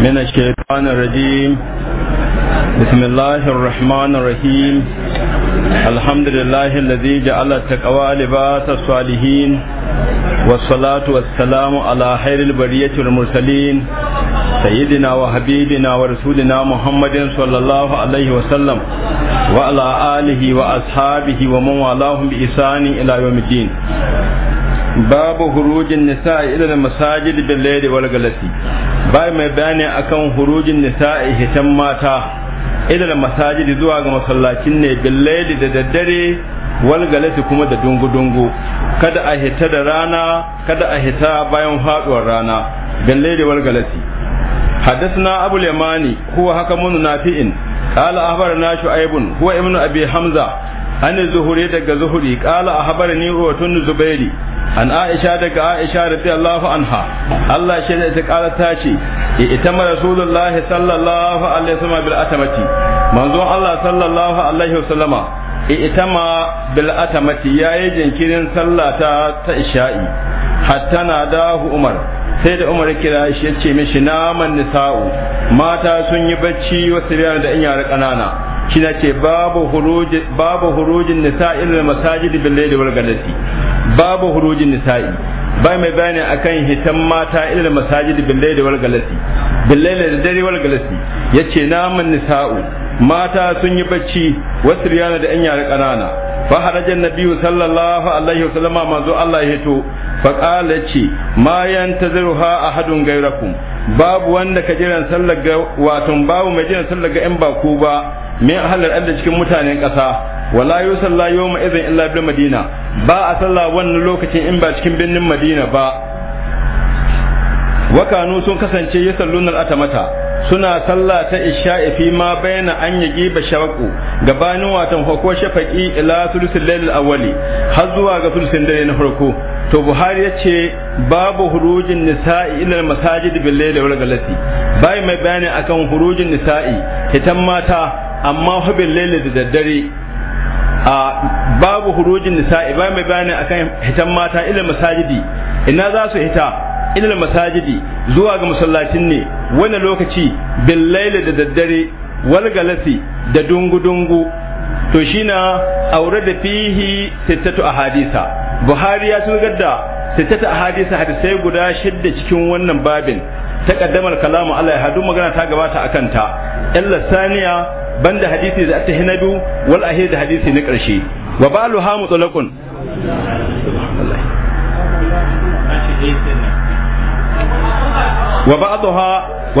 من الشيطان الرجيم بسم الله الرحمن الرحيم الحمد لله الذي جعل التقوى لباس الصالحين والصلاة والسلام على خير البرية المرسلين سيدنا وحبيبنا ورسولنا محمد صلى الله عليه وسلم وعلى آله وأصحابه ومن والاهم بإحسان إلى يوم الدين باب خروج النساء إلى المساجد بالليل والجلسي bai mai bayani akan hurujin nisa'i hitan mata idan masajidi zuwa ga masallacin ne billaili da daddare wal galati kuma da dungu dungu kada a hita da rana kada a hita bayan faduwar rana billaili wal galati حدثنا أبو اليماني هو حكم نافئ قال أخبرنا شعيب هو ابن أبي حمزة an zuhuri daga zuhuri qala ahbarani watun zubairi an aisha daga aisha radiyallahu anha Allah shi da ita qala ta ce ma rasulullah sallallahu alaihi wasallam bil atamati manzon Allah sallallahu alaihi wasallama ita ma bil atamati yayi jinkirin sallata ta isha'i hatta na dahu umar sai da umar kira shi ya ce mishi naman nisa'u mata sun yi bacci wasu biyar da in yara ƙanana shine na ce babu hurujin babu hurujin nisa'i lil masajidi bil layli wal galati babu hurujin nisa'i bai mai bayani akan hitan mata ilal masajid bil layli wal galati bil layli da dare wal galati yace naman nisa'u mata sun yi bacci wasu riyana da an yara kanana fa harajan nabiyyu sallallahu alaihi wasallam manzo Allah ya hito fa qala ce ma yantaziruha ahadun gairakum babu wanda ka jiran sallar ga wato babu mai jiran sallar ga in ba ku ba min halar adda cikin mutanen ƙasa wala yusalla yawma idhin illa bil madina ba a sallah wannan lokacin in ba cikin birnin madina ba wakanu sun kasance yusalluna atamata suna sallah ta isha fi ma bayna an yagi ba shawqu gabanin watan farko shafaqi ila thuluthil layl awwali har zuwa ga thuluthin dare na farko to buhari yace babu hurujin nisa'i ilal masajid bil layl wal galati bai mai bayani akan hurujin nisa'i hitan mata amma hubin laila da daddare a babu hurujin nisa ba mai bayani akan hitan mata ilal masajidi ina za su hita ilal masajidi zuwa ga masallacin ne wani lokaci bil laila da daddare walgalasi da dungu dungu to shine aure da fihi sittatu ahadisa buhari ya sun da sittatu ahadisa hadisai guda shidda cikin wannan babin kaddamar kalamu Allah ya hadu magana ta gabata akan ta illa saniya banda hadisi da ta hinadu wal da hadisi na ƙarshe wa balu ha wa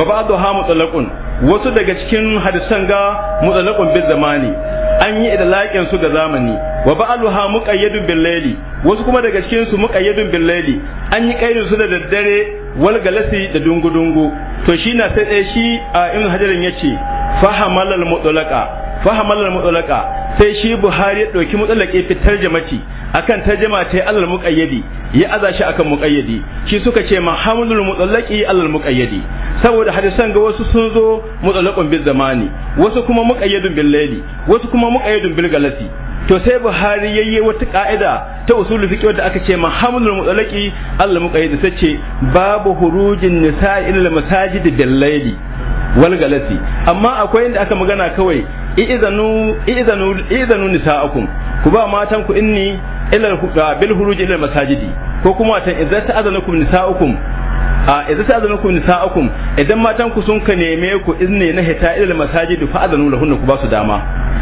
wa mutlaqun wasu daga cikin hadisan ga mutsalakun bil zamani an yi idlaqin su ga zamani wa ba'aluha muqayyadun bil layli wasu kuma daga cikin su muqayyadun bil layli an yi kaidin su da daddare wal galasi da dungu dungu to shi na sai shi a ibn hajarin yace fahamal al mutlaqa fahimal mutsalaka sai shi buhari ya ɗauki mutsalake fi tarjamati akan tarjama ta yi alal muƙayyadi ya aza shi akan muƙayyadi shi suka ce mahamudul mutsalaki alal muƙayyadi saboda hadisan ga wasu sun zo mutsalakun bil zamani wasu kuma muƙayyadun bil laili wasu kuma muƙayyadun bil galasi to sai buhari yayye wata ka'ida ta usulul fiqh wanda aka ce mahamdul mutlaqi Allah muqayyid sai ce babu hurujin nisa'i ila masajid bil layli wal galasi amma akwai inda aka magana kawai i'zanu i'zanu i'zanu nisa'akum ku ba matan ku inni ila bil huruj ila masajidi ko kuma ta idza ta'azanukum nisa'ukum a idza ta'azanukum nisa'akum idan matan ku sun ka neme ku izne na hita ila masajidi fa azanu lahunna ku ba su dama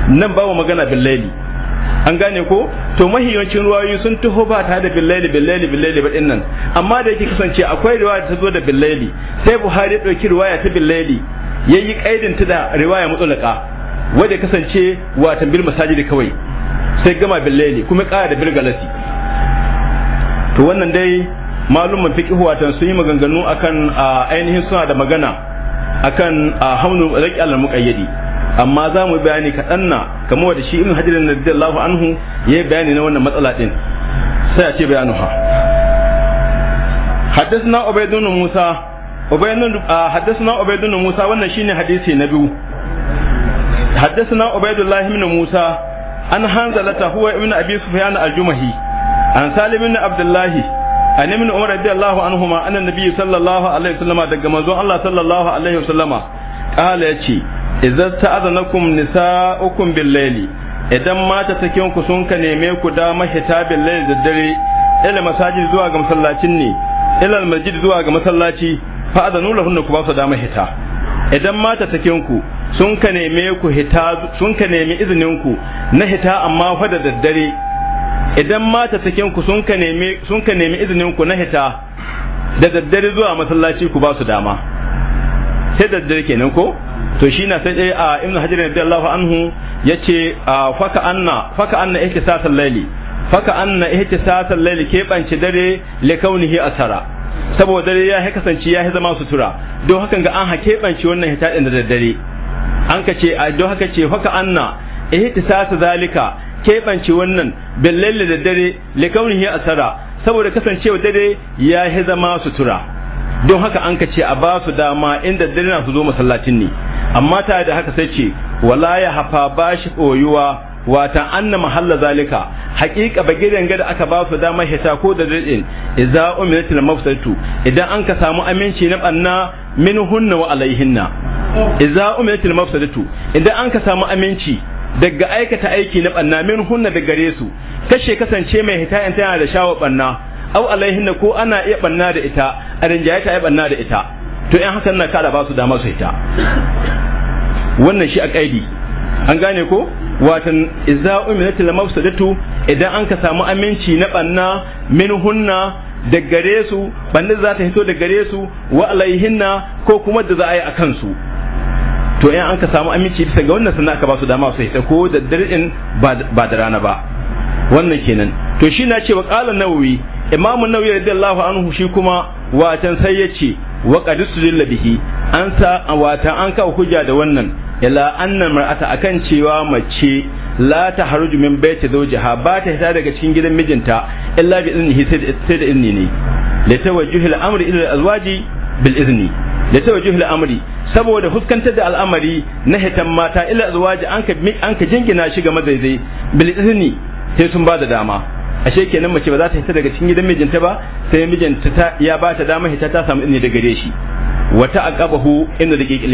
nan ba magana bil layli an gane ko to mahiyancin ruwayoyi sun taho ba ta da billaili billaili billaili ba dinnan amma da yake kasance akwai riwaya ta zo da billaili sai buhari ya dauki riwaya ta billaili yayi kaidin ta da riwaya mutsulaka wanda kasance wa bil masajidi kawai sai gama billaili kuma kara da bil galasi to wannan dai malumman fiqh watan sun yi maganganu akan ainihin suna da magana akan hamnu raqi muqayyadi amma za mu bayani kaɗan na kamo da shi in hajjirin na anhu ya yi bayani na wannan matsala ɗin sai a ce bayanu ha haddasa na musa ah, haddasa na musa wannan shine hadisi na biyu ibn musa an hanzalata huwa ibn abi sufyan al-jumahi an salim ibn abdullah an ibn umar radiyallahu sallallahu alaihi wasallama daga sallallahu alaihi wasallama qala yace idza ta'adhanakum nisa'ukum bil layli idan mata cikin ku sun ka neme ku da mahita bil layli da dare ila masajid zuwa ga masallacin ne ila masjid zuwa ga masallaci fa adanu lahunna ku ba su da mahita idan mata cikin ku sun ka neme ku hita sun ka neme izinin ku na hita amma fa da daddare idan mata cikin ku sun ka neme sun ka neme izinin ku na hita da daddare zuwa masallaci ku ba su dama sai daddare kenan ko to shi na sai a ibn da allahu anhu yace faka anna faka anna ihtisasan laili faka anna ihtisasan laili keɓance dare le kaunihi asara saboda dare ya ya kasance ya zama sutura don hakan ga an ha keɓance wannan hitaɗin da daddare an ka ce don haka ce faka anna ihtisasa zalika keɓance wannan billalle da dare le kaunihi asara saboda kasancewa dare ya zama sutura don haka an ka ce a ba su dama inda dare na su zo masallacin ne amma ta da haka sai ce wala ya hafa bashi koyuwa wata anna mahalla zalika haƙiƙa gidan gada aka ba su damar hita ko da dadin idza umilatil mafsatu idan an ka samu aminci na banna minhunna wa alaihinna idza umilatil mafsadatu idan an ka samu aminci daga aikata aiki na banna minhunna da gare su kashe kasance mai hita in tana da shawa banna au alaihinna ko ana iya banna da ita a rinjaye ta banna da ita to in hakan na kada ba su dama su ita wannan shi a kaidi an gane ko watan idza umilat al mafsadatu idan an ka samu aminci na banna min hunna da gare su banna za ta hito da gare su wa alaihinna ko kuma da za a yi a kansu to in an ka samu aminci bisa ga wannan sannan aka ba su dama su hita ko da dirin ba da rana ba wannan kenan to shi na ce cewa qala nawawi imamu nawawi radiyallahu anhu shi kuma watan sai ya ce wa qad sudilla bihi an sa wata an kawo hujja da wannan ila anna mar'ata akan cewa mace la ta haruju min baiti zawjiha ba ta hita daga cikin gidan mijinta illa bi iznihi sai da izni ne li tawajjuhi al-amri ila al-azwaji bil izni li tawajjuhi al saboda huskantar da al'amari na hitan mata ila azwaji an ka an ka jingina shi ga mazaizai bil izni sai sun ba da dama ashe kenan mace ba za ta hita daga cikin gidan mijinta ba sai mijinta ta ya ba ta dama hita ta samu izini daga gare shi wata aqabahu inda da kike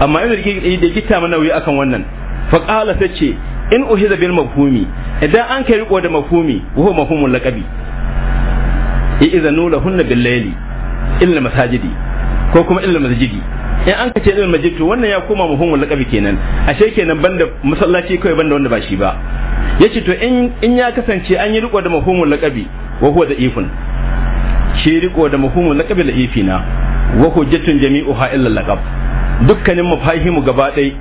amma inda da kike lidi gita mana wuyi akan wannan fa qala tace in uhiza bil mafhumi idan an kai riko da mafhumi wa huwa mafhumul laqabi i'zanu lahunna bil layli illa masajidi ko kuma illa masjidi in an kace ilal masjid to wannan ya koma mafhumul laqabi kenan ashe kenan banda masallaci kai banda wanda ba shi ba yace to in in ya kasance an yi riko da mafhumul laqabi wa huwa da ifun shi riko da mafhumul laqabi la ifina wa hujjatun jami'uha illa laqab dukkanin mafahimu gaba dai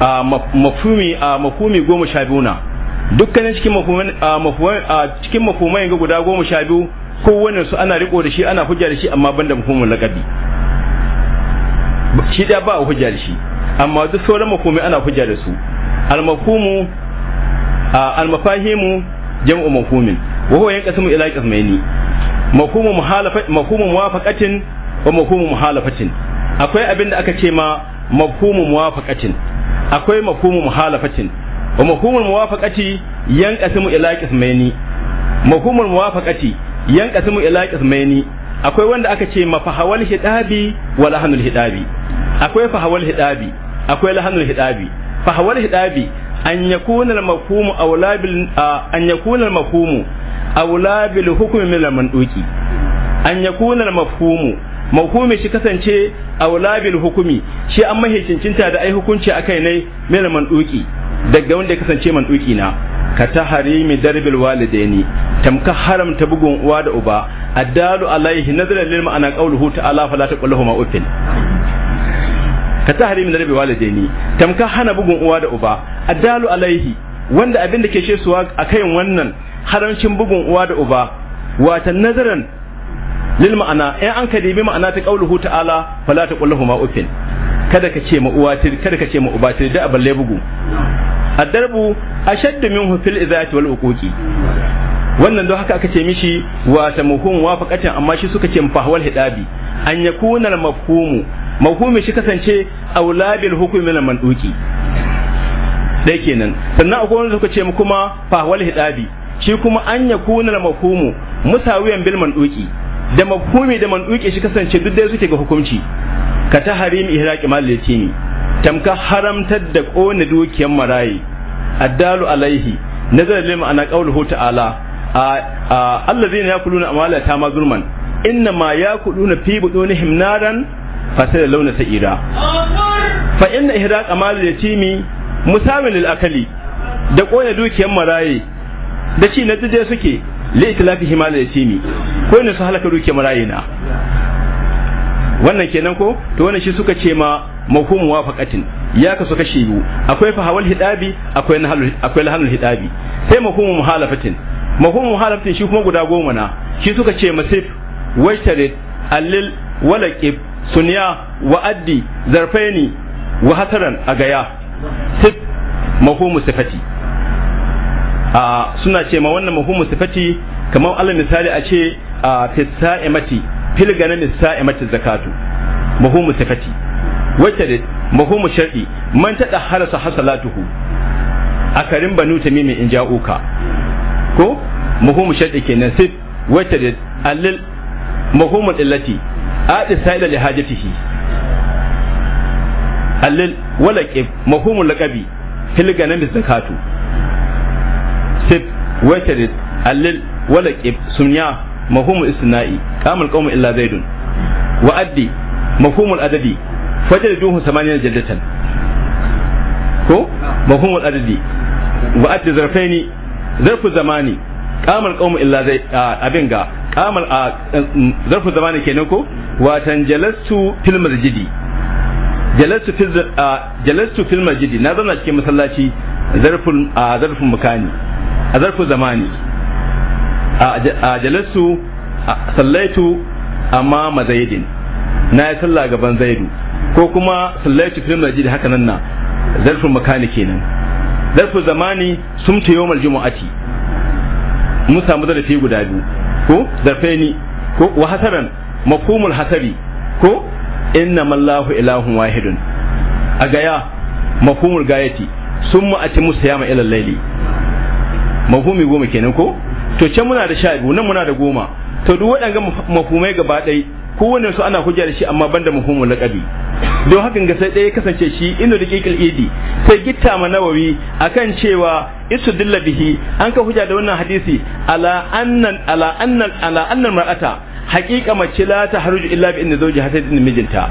a mafhumi a mafhumi goma sha biyu na dukkanin cikin mafhumin a cikin mafhumai ga guda goma sha biyu kowanne su ana riko da shi ana hujja da shi amma banda mafhumul laqabi shi da ba hujja da shi amma duk sauran mafhumai ana hujja da su al mafhumu al-mafahimu jam'u mafhumin wa huwa yanqasimu ila qismaini mafhumu muhalafa mafhumu muwafaqatin wa mafhumu muhalafatin akwai abin da aka ce ma mafhumu muwafaqatin akwai mafhumu muhalafatin wa mafhumul muwafaqati yanqasimu ila qismaini mafhumul muwafaqati yanqasimu ila qismaini akwai wanda aka ce mafahawal hidabi wa lahanul hidabi akwai fahawal hidabi akwai lahanul hidabi fahawal hidabi an yakuna al-mafhumu aula bil an yakuna al-mafhumu aula bil hukmi min al-manduki an yakuna al-mafhumu mafhumi shi kasance aula bil hukmi shi an mahicincinta da ai hukunci akai ne min al-manduki daga wanda ya kasance manduki na ka ta harimi darbil walidaini tamka haramta bugun uwa da uba addalu alaihi nazara lil ma'ana qawluhu ta'ala fala taqul lahum uffin ka ta harimi min rabi walidaini tamka hana bugun uwa da uba addalu alaihi wanda abin da ke shesuwa akan wannan haramcin bugun uwa da uba wata nazaran lil ma'ana in an ka dibi ma'ana ta qauluhu ta'ala fala taqul lahum uffin kada ka ce ma uwa tir kada ka ce ma uba tir da aballe bugu addarbu ashaddu minhu fil izati wal uquqi wannan don haka aka ce mishi wa muhun muhum amma shi suka ce mafahwal hidabi an yakuna al mafhumu mafhumin shi kasance aula bil hukmi min manduki dai kenan sannan akwai wanda suka ce mu kuma fa wal hidabi shi kuma an yakuna al mafhumu musawiyan bil manduki da mafhumi da manduki shi kasance duk dai suke ga hukunci ka ta harim ihraqi mal yatimi tamka haramtar da kona dukiyar marayi addalu alaihi nazar lima ana hu ta'ala allazina yakuluna amala ta inna ma yakuluna fi budunihim naran fasai da launa sa'ira fa inna ihraq amal yatimi musamil lil akali da koya dukiyar maraye da ci na dide suke li itlafi himal yatimi ko ne su halaka dukiyar maraye na wannan kenan ko to wannan shi suka ce ma mahum wafaqatin ya kasu kashi biyu akwai hawal hidabi akwai nahalul akwai lahanul hidabi sai mahum muhalafatin mahum muhalafatin shi kuma guda goma na shi suka ce masif wajtarid allil walaqib suniya wa addi zarfaini wa hasaran a gaya sif mahumu sifati a suna ce ma wannan mahumu sifati kamar alal misali a ce a filgana misa'imati zakatu mahumu sifati wacce da mahumu sharɗi man taɗa harasa hasalatuhu a karin banu mimi in ja'uka ko mahumu sharɗi kenan sif wacce da allil mahumu illati adi da li hajatihi allil walaqib mahumul laqabi fil ganami zakatu sib watarid allil walaqib sunya mahumul istina'i qamal qawmu illa zaidun wa addi mahumul adadi fajriduhu samaniyan jaddatan ko mahumul adadi wa addi zarfaini zarfu zamani qamal qawmu illa zaid abinga amal a eh, mm, zarfin zamani kenan ko watan jalastu fil masjidi jalastu fil jalastu fil masjidi na zauna cikin masallaci a zarfin mukani a zarfin zamani a jalastu sallaitu amma mazaidin na yi sallah gaban zaidu ko kuma sallaitu fil masjidi haka nan na zarfin makani kenan zarfin zamani sumta yawmal jumu'ati mun samu zarafi guda biyu ko feni ko wa hasaran mafhumul hasabi ko inna mallahu ilahun wahidun a gaya mafhumul gayati sun ma'ati musu yama ilal laili mafhumi goma kenan ko to can muna da sha biyu nan muna da goma to duk waɗanga mafhumai gaba ɗaya kowane su ana hujja da shi amma banda mafhumul laqabi don hakan ga sai ɗaya kasance shi inda da kikil idi sai gitta ma nawawi akan cewa istudilla bihi an ka hujja da wannan hadisi ala annan ala annan ala annan mar'ata haqiqa mace la ta haruju illa bi inda zawji hatta din mijinta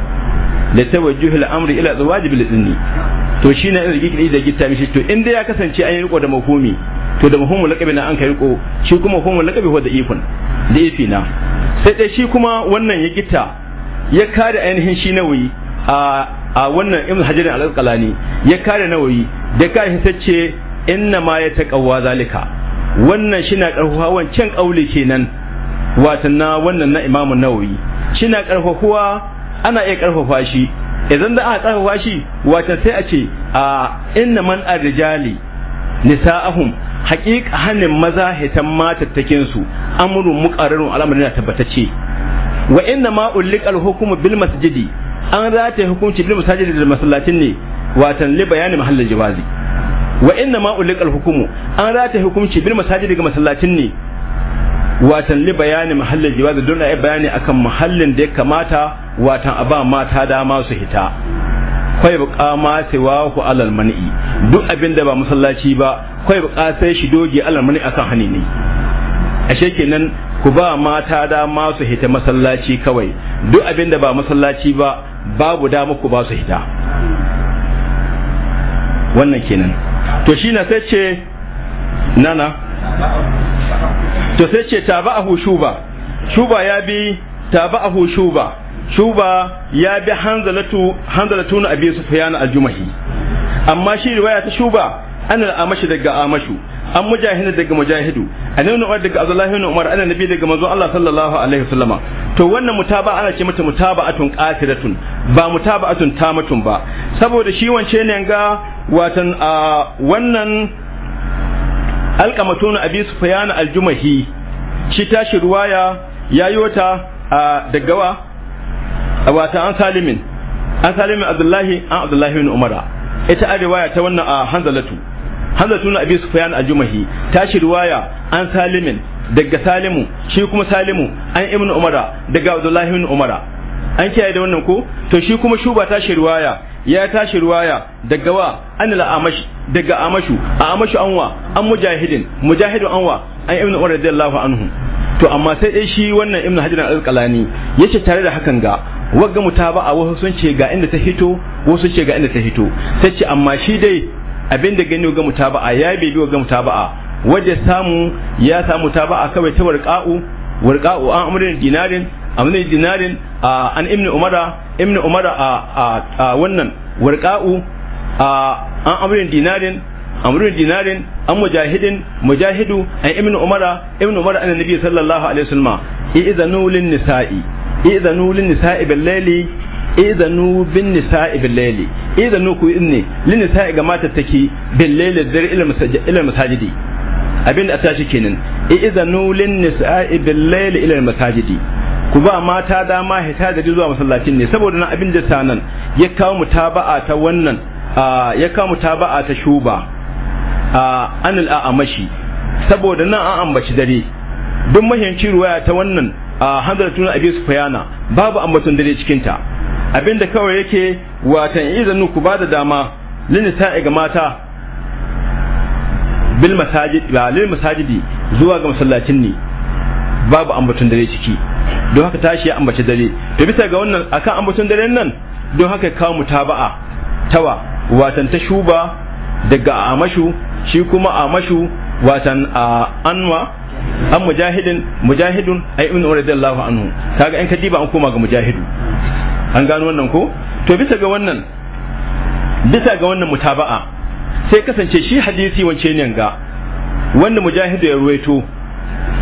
da tawajjuhul amri ila zawaji bil idni to shine in rigi da gitta mishi to inda ya kasance an yi riko da mahumi to da mahumul laqabi na an kai riko shi kuma mahumul laqabi huwa da ifun da ifina sai dai shi kuma wannan ya gitta ya kare ainihin shi nawayi a a wannan ibn hajar al-asqalani ya kare nawayi da kai sai ce inna ma ya taqawwa zalika wannan shi na karhuwa wancan kauli kenan wato na wannan na Imam Nawawi na karhuwa ana iya karfafa shi idan da aka karfafa shi watan sai a ce a inna man arrijali nisa'ahum haƙiƙa hanin maza hitan matattakin su amrun muqarrarun al'amarin da tabbatacce wa inna ma ulliqal hukumu bil masjidi an rataye hukunci bil masjidi da masallatin ne watan li bayani mahallin jawazi wa inna ma ulikal hukumu an rata hukunci bil masajid daga masallacin ne watan li bayani mahallin jawazi don ai bayani akan mahallin da ya kamata watan aba ba mata dama su hita kai buƙa ma wa ku alal mani duk abin da ba masallaci ba kai buƙa sai shi doge alal mani akan hani ne ashe kenan ku ba mata dama su hita masallaci kawai duk abin da ba masallaci ba babu dama ku ba su hita wannan kenan to shi na sai ce nana to sai ce taba'ahu shuba shuba ya bi taba'ahu shuba shuba ya bi hanzalatu na abi sufyan al-jumahi amma shi riwaya ta shuba an al-amashi daga amashu an mujahidu daga mujahidu an ibn umar daga abdullahi ibn umar an nabi daga manzon Allah sallallahu alaihi wasallama to wannan mutaba ana ce mata mutaba'atun qasiratun ba mutaba'atun tamatun ba saboda shi wance ne ga watan a wannan alkamatun abi fayana aljumahi shi tashi ruwaya a daggawa dagawa watan an salimin an salimin abdullahi an abdullahi bin umara ita a riwaya ta wannan a hanzalatu hanzalatu na abi fayana aljumahi tashi ruwaya an salimin daga salimu shi kuma salimu an ibnu umara daga abdullahi bin umara an kiyaye da wannan ko to shi kuma shuba tashi riwaya ya tashi ruwaya daga wa an amash daga amashu a amashu anwa an mujahidin mujahidin anwa an ibnu umar radiyallahu anhu to amma sai dai shi wannan ibnu hajar al qalani yace tare da hakan ga wagga a wasu sun ce ga inda ta hito wasu ce ga inda ta hito sai ce amma shi dai abin da gani ga a ya bai bi ga a wajen samu ya samu taba'a kawai ta warqa'u warqa'u an amrin dinarin amrin dinarin an ibnu umara ibnu umara a wannan warqa'u an amrin dinarin amrin dinarin an mujahidin mujahidu an ibnu umara ibnu umara an nabi sallallahu alaihi wasallam i'zanu lin nisa'i i'zanu lin nisa'i bil layli izanu bin nisa'i bil layli izanu ku inni lin nisa'i ga mata take bil layli dar ila masajidi abin da a tashi kenan i'zanu nulin nisa'i bil layli ila al masajidi ku ba mata dama hita da zuwa masallacin ne saboda nan abin da ta nan ya kawo mutaba'a ta wannan ya kawo mutaba'a ta shuba anil a'amashi saboda nan an ambaci dare duk mahimci ruwaya ta wannan abin abi fayana babu ambaton dare cikin ta abinda kawai yake watan izanu ku ba da dama lin sa'i ga mata bil masajid ba lil masajidi zuwa ga masallacin ne babu ambaton dare ciki don haka tashi ya ambaci dare to bisa ga wannan akan ambaton dare nan don haka kawo mutaba'a tawa watan ta shuba daga amashu shi kuma amashu watan anwa an mujahidin mujahidun ay ibn radiyallahu anhu kaga in kadiba an koma ga mujahidu an gano wannan ko to bisa ga wannan bisa ga wannan mutaba'a sai kasance shi hadisi wance ne ga wanda mujahid ya ruwaito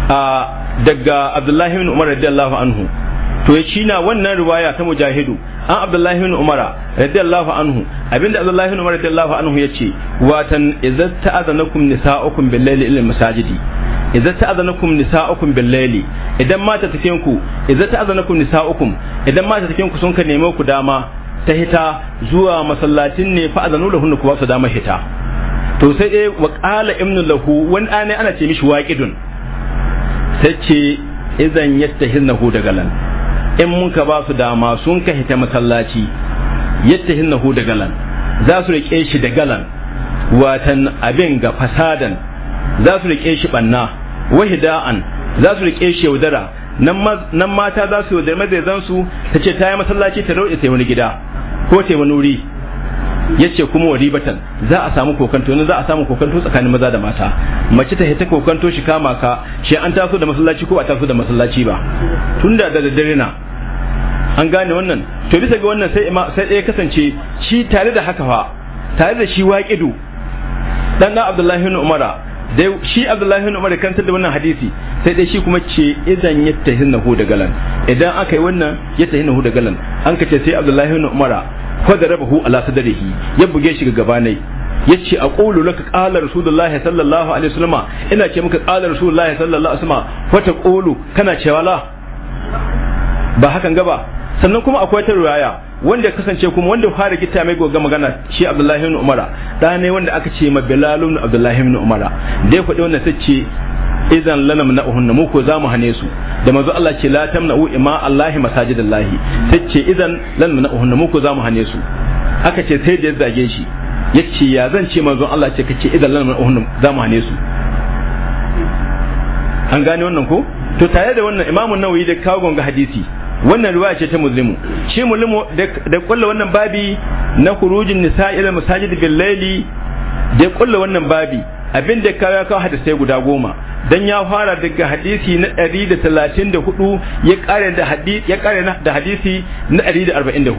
a daga abdullahi bin umar radiyallahu anhu to shi na wannan riwaya ta mujahidu an abdullahi bin umar radiyallahu anhu abinda abdullahi bin umar radiyallahu anhu yace watan idza ta'adanakum nisa'ukum bil layli ila masajidi idza ta'adanakum nisa'ukum bil layli idan mata tafiyanku idza ta'adanakum nisa'ukum idan mata ku sun ka neme ku dama ta hita zuwa masallacin ne fa azanu lahu ku ba su dama hita to sai eh wa qala ibnu lahu wani ana ana ce mishi waqidun sai ce idan yastahinnahu daga lan in mun ka ba su dama sun ka hita masallaci yastahinnahu daga lan za su rike shi da galan watan abin ga fasadan za su rike shi banna wahida'an za su rike shi yaudara nan mata za su yaudar zan su ta ce ta yi masallaci ta rauɗe sai wani gida ko sai wani wuri ya ce kuma wa ribatan za a samu kokanto ne za a samu kokanto tsakanin maza da mata mace ta hita kokanto shi kama ka shi an taso da masallaci ko a taso da masallaci ba Tun da daddare na an gane wannan to bisa ga wannan sai sai ɗaya kasance shi tare da haka fa tare da shi waƙidu dan na Abdullahi ibn Umara dai shi abdullahi bin umar kantar da wannan hadisi sai dai shi kuma ce idan ya hu da galan idan aka yi wannan ya hu da galan an ka ce sai abdullahi bin umar fadarabahu ala sadrihi ya buge shi ga gabanai yace aqulu laka qala rasulullahi sallallahu alaihi wasallama ina ce maka qala rasulullahi sallallahu alaihi wasallama fa taqulu kana cewa la ba hakan gaba sannan kuma akwai ta riwaya wanda ya kasance kuma wanda fara gita mai goga magana shi Abdullahi ibn Umara da ne wanda aka ce ma Bilal ibn Abdullahi ibn Umara dai ya faɗi wannan sace idan lanam na uhunna mu ko za mu hane su da manzo Allah ce la tamna'u ima Allah masajidallahi sace idan lanam na uhunna mu ko za mu hane su aka ce sai da zage shi yace ya zan ce manzo Allah ce kace idan lanam na uhunna za mu hane su an gane wannan ko to tare da wannan imamun nawawi da kawo gonga hadisi wannan ruwaya ce ta muslimu shi muslimu da kulla wannan babi na khurujin nisa ila masajid bil layli da kulla wannan babi abin da ya kawo hadisai guda goma dan ya fara daga hadisi na 134 ya kare da hadisi ya kare da hadisi na 144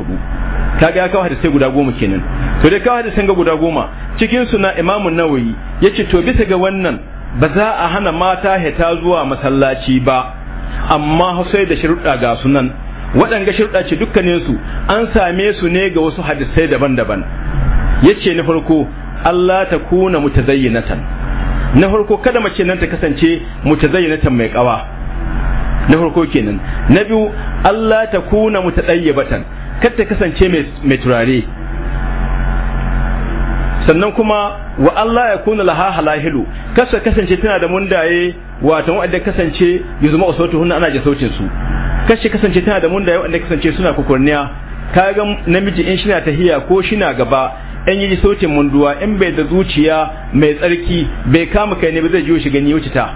kaga ya kawo hadisi guda goma kenan to da kawo hadisan ga guda goma cikin suna na Imam Nawawi yace to bisa ga wannan ba za a hana mata ta zuwa masallaci ba amma sai da shirɗa ga sunan waɗanga shirɗa ce dukkaninsu an same su ne ga wasu hadisai daban-daban yace na farko Allah ta kuna mutazayyinatan na farko kada mace nan ta kasance mutazayyinatan mai kawa na farko kenan na biyu Allah ta kuna mutadayyibatan kada ta kasance mai turare sannan kuma wa Allah ya kuna laha halahilu kasa kasance tana da mundaye watan wanda kasance ya zama usautu hunna ana jasaucin su kashi kasance tana da munda wanda kasance suna kukurniya Ka ga namiji in shina tahiya ko shina gaba in yi sautin munduwa in bai da zuciya mai tsarki bai kama kai ne ba zai jiyo shi gani wuce ta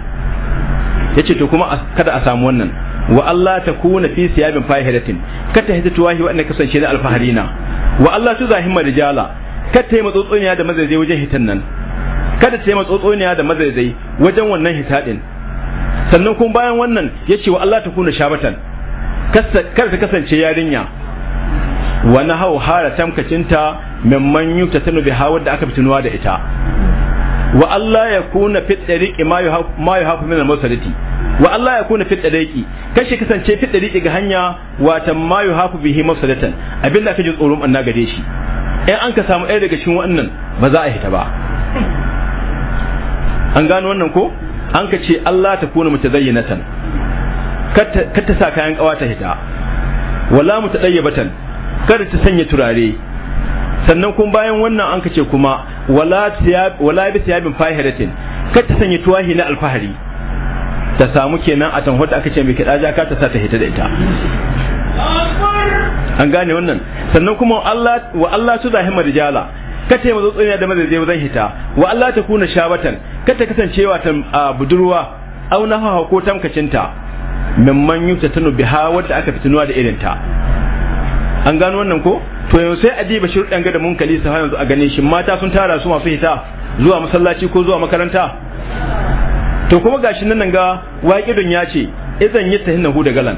yace to kuma kada a samu wannan wa Allah ta kuna fi siyabin fahiratin ta hita tuwahi wanda kasance na alfaharina wa Allah tu zahimma rijala ta yi matsotsoniya da mazaizai wajen hitan nan kada ta yi matsotsoniya da mazaizai wajen wannan hita din sannan kuma bayan wannan ya ce wa Allah ta kuna shabatan kar ta kasance yarinya wa na hau hara tamkacinta min manyu ta bi hawar wadda aka fitinuwa da ita wa Allah ya kuna fitariki ma yi hafi min al-musalati wa Allah ya kuna fitariki ɗariƙi kashi kasance fitariki ga hanya wata ma yi hafi bihi mafsadatan abinda aka ji tsoron an nagade shi in an ka samu ɗaya daga cikin wannan ba za a hita ba an gano wannan ko an ka ce Allah ta kuna mace na can ta sa kayan kawa ta hita wala mu ta batan kada ta sanya turare sannan kuma bayan wannan an ka ce kuma wala wala bi bin fahiratin kar ta sanya tuwahi na alfahari ta samu kenan a tanhuda aka ce mai kiɗa ja ka ta sa ta hita da ita an gane wannan sannan kuma wa Allah su zahimar jala. ka ta mazo tsanya da mazaje zan hita wa Allah ta kuna shabatan ka ta kasancewa ta budurwa au na hawa ko tamkacinta man yuta tanu biha wadda aka fitinuwa da irin ta an gano wannan ko to yanzu sai adiba shirɗan ga da munkali sa yanzu a gane shi mata sun tara su masu hita zuwa masallaci ko zuwa makaranta to kuma gashi nan ga waƙidun ya ce idan yi ta hu da galan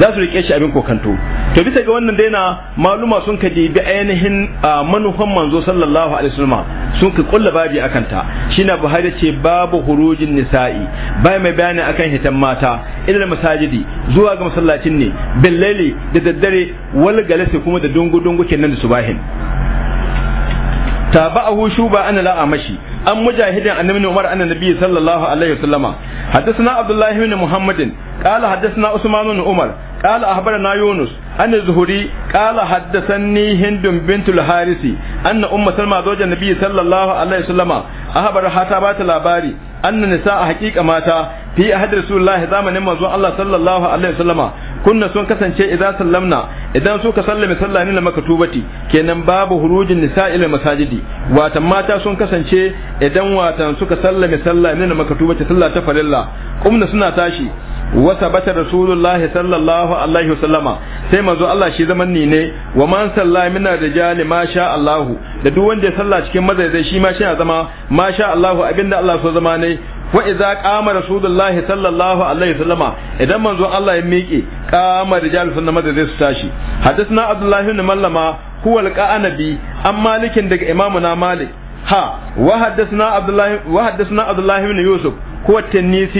za su rike shi abin kokanto to bisa ga wannan daina maluma sun ka dibi ainihin manufan manzo sallallahu alaihi wasallam sun ka kulla babi akan ta shine buhari ce babu hurujin nisa'i bai mai bayani akan hitan mata ilal masajidi zuwa ga masallacin ne billali da daddare wal galasi kuma da dungu dungu kenan da subahin tabahu shuba أنا la amashi an mujahidin annabi umar annabi sallallahu alaihi wasallama حدثنا عبد الله بن محمد قال حدثنا عثمان بن عمر قال أخبرنا يونس أن الزهري قال حدثني هند بنت الحارثي أن أم سلمة زوج النبي صلى الله عليه وسلم أخبر حسابات الأباري أن نساء حقيقة ماتا في أحد رسول الله زمن منزون الله صلى الله عليه وسلم كنا سون كسن شيء إذا سلمنا إذا سون كسلم صلى الله مكتوبتي كنن باب خروج النساء إلى المساجد واتن ماتا سون كسن شيء إذا واتن سون كسلم صلى الله مكتوبتي صلى الله تفر الله قمنا سنة تاشي wa sabata rasulullahi sallallahu alaihi wasallama sai manzo Allah shi zaman ni ne wa man salla mina rijali ma sha Allah. da duk wanda ya salla cikin mazaizai shi ma shi ya zama ma sha Allahu abinda Allah so zama ne wa idza qama rasulullahi sallallahu alaihi wasallama idan manzo Allah ya miƙe qama rijal sunna mazaizai su tashi hadathna abdullahi ibn mallama huwa alqanabi an malikin daga imamuna malik ha wa hadathna abdullahi wa hadathna abdullahi ibn yusuf Kuwa at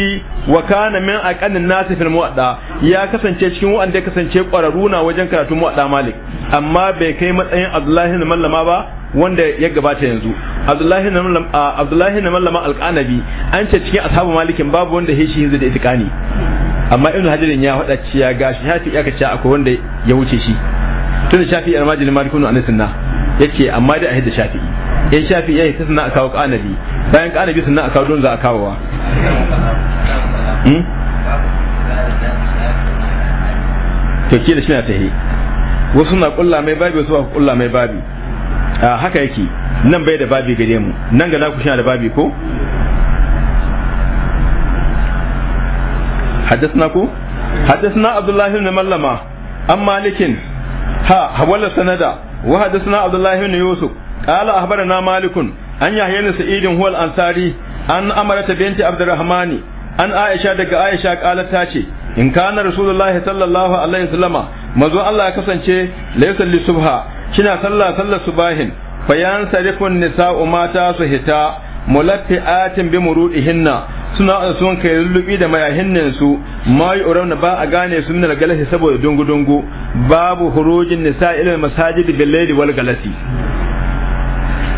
wa kana min aqannin nasi fil muwadda ya kasance cikin wanda kasance kwararru na wajen karatu muwadda Malik amma bai kai matsayin Abdullahi na Mallama ba wanda ya gabata yanzu Abdullahi na Mallama ah, Abdullahi Mallama al-Qanabi an ce cikin ashabu Malikin babu wanda ya shi yanzu da itikani amma Ibn Hajar ya faɗa ciya gashi fi ya kace akwai wanda ya wuce shi tun da shafi almajiri malikun anasunna yake amma dai a hidda shafi'i ya shafi yayi ta sannan a kawo kanabi bayan kanabi sannan a kawo don za a kawowa hmm? to da shi na tahi wasu na kulla mai babi wasu ba kulla mai babi a haka yake nan bai da babi gare mu nan ga ku shi da babi ko حدثنا كو حدثنا عبد الله بن ملما عن مالك ها حول السند وحدثنا عبد الله بن يوسف Ƙala qala na malikun an yahya ibn sa'id huwa al-ansari an amarta Binta abdurrahman an aisha daga aisha qalat ta ce in kana rasulullahi sallallahu alaihi wasallama mazo Allah ya kasance laysa li subha kina sallah sallah subahin fayan sarifun nisa'u mata su hita mulaffi'atin bi hinna suna sun kai lullubi da maya su ma ba a gane su min galasi saboda dungu dungu babu hurujin nisa ila masajid da layli wal galasi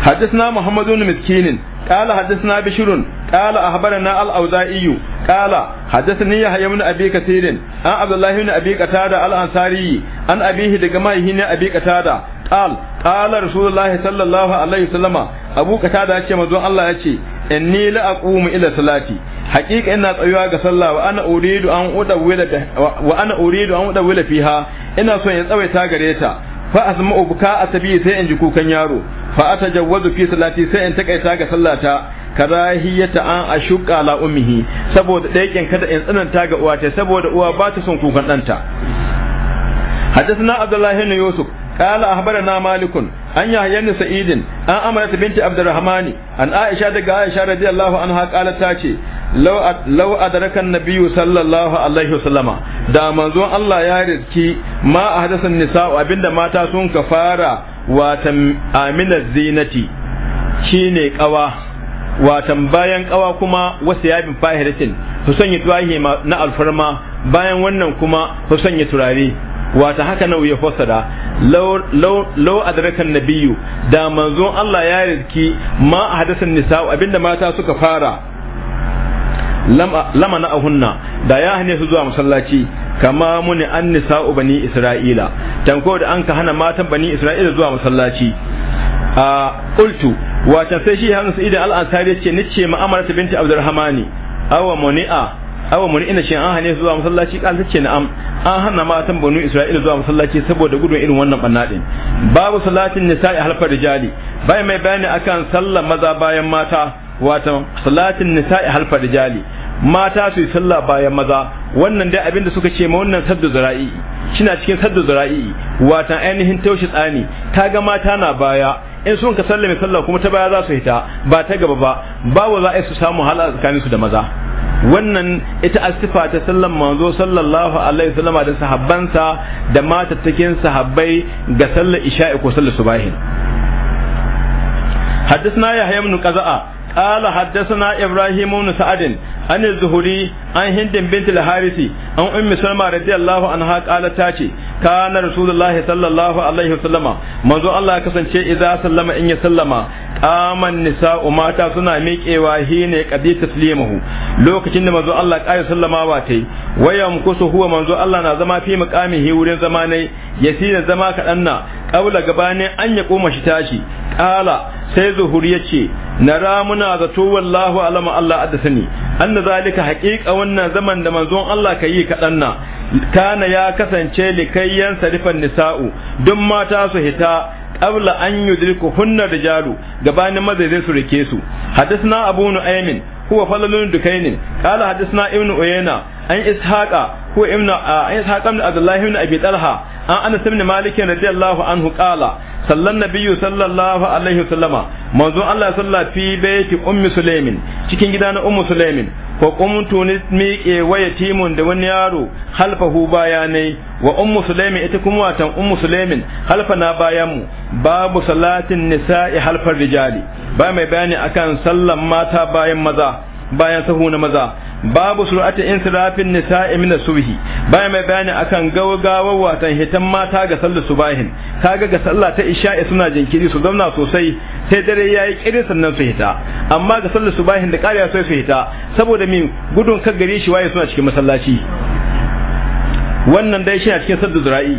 حدثنا محمد بن مسكين قال حدثنا بشر قال اخبرنا الاوزاعي قال حدثني يحيى بن ابي كثير عن عبد الله بن أبي قتادة الأنصاري عن أبيه دغما هنا ابي قتاده قال قال رسول الله صلى الله عليه وسلم أبو قتادة يشي مدون الله يشي إني لأقوم إلى صلاتي حقيقة إن أطيوا صلى وأنا أريد أن أدول وأنا أريد أن أدول فيها إن سوى يتأوي تاغريتا fa asma'u buka asabi sai in ji kukan yaro fa atajawwazu fi salati sai in takaita ga sallata karahiyata an ashuqa la ummihi saboda daikin kada in tsananta ga uwa saboda uwa ba ta son kukan ɗanta hadathna abdullahi الله yusuf qala akhbarana malikun an yahya ni sa'idin an amrat binti abdurrahman an aisha daga aisha radiyallahu anha qalat ta ce law law nabiyyu sallallahu alaihi wasallama da manzon Allah ya riski ma ahdathan nisa'u abinda mata sun ka fara watan amina zinati shine kawa watan bayan kawa kuma wasu yabin fahiratin su sanya tuwahi na alfarma bayan wannan kuma su sanya turare wata haka nau ya fasara law adrakan nabiyu da manzon Allah ya rizki ma hadasan nisa abinda mata suka fara lama na ahunna da ya hane su zuwa masallaci kama muni an nisa'u bani isra'ila tanko da an ka hana matan bani isra'ila zuwa masallaci a qultu wata sai shi su idan al-ansari yace nice ma'amarta binti abdurrahmani awa muni'a awa mun ina shin an hane zuwa masallaci kan tace na'am an hana matan banu isra'ila zuwa masallaci saboda gudun irin wannan banna babu salatin nisa'i halfa rijali bai mai bayani akan sallar maza bayan mata wato salatin nisa'i halfa rijali mata su yi sallah bayan maza wannan dai abinda suka ce ma wannan saddu zara'i kina cikin saddu zara'i watan ainihin taushe tsani ga mata na baya in sun ka sallame sallah kuma ta baya za su hita ba ta gaba ba babu za a su samu hala tsakanin su da maza wannan ita asifa ta sallan manzo sallallahu alaihi wasallam da sahabbansa da matattakin sahabbai ga sallar isha'i ko sallar subahin حدثنا يحيى بن قزعه قال حدثنا ابراهيم بن سعد عن الزهري عن هند بنت الحارث عن ام سلمى رضي الله عنها قالت تاتي كان رسول الله صلى الله عليه وسلم منذ الله كسنتي اذا سلم ان يسلم قام النساء ماتا سنا ميقewa hine kadi taslimahu lokacin da manzo Allah kai sallamawa tai wayam kusu huwa manzo Allah na zama fi muqamihi wurin zamanai yasira zama kadanna qabla gabanin an ya koma shi tashi qala sai zuhur yace nara muna zato wallahu alama Allah addasani anna zalika haƙiƙa wannan zaman da manzon Allah kayi kaɗan na kana ya kasance likayyan sarifan nisa'u duk mata su hita qabla an yudriku hunna rijalu gabanin mazaizai su rike su hadisna abu nu'aymin huwa falalun dukainin qala hadisna ibnu uyayna an ishaqa huwa ibnu an ishaqa min abdullah ibn abi talha an anas ibn malik radiyallahu anhu qala sallan nabiyyu sallallahu alaihi sallama manzo allah salla fi bayti ummi sulaimin cikin gida na ummi sulaimin fa qumtu nismiqe wa yatimun da wani yaro halfa hu bayanai wa ummi sulaimin ita kuma watan ummi sulaimin halfa na bayan mu babu salatin nisa'i halfar rijali ba mai bayani akan sallan mata bayan maza bayan sahu na maza babu sur'atin insirafin nisa'i min subhi ba mai bayani akan gawgawa watan hitan mata ga sallar subahin kaga ga sallah ta isha'i suna jinkiri su zauna sosai sai dare yayi kirin sannan su hita amma ga sallar subahin da kariya sai su hita saboda min gudun kan gari shi waye suna cikin masallaci wannan dai shi a cikin saddu zura'i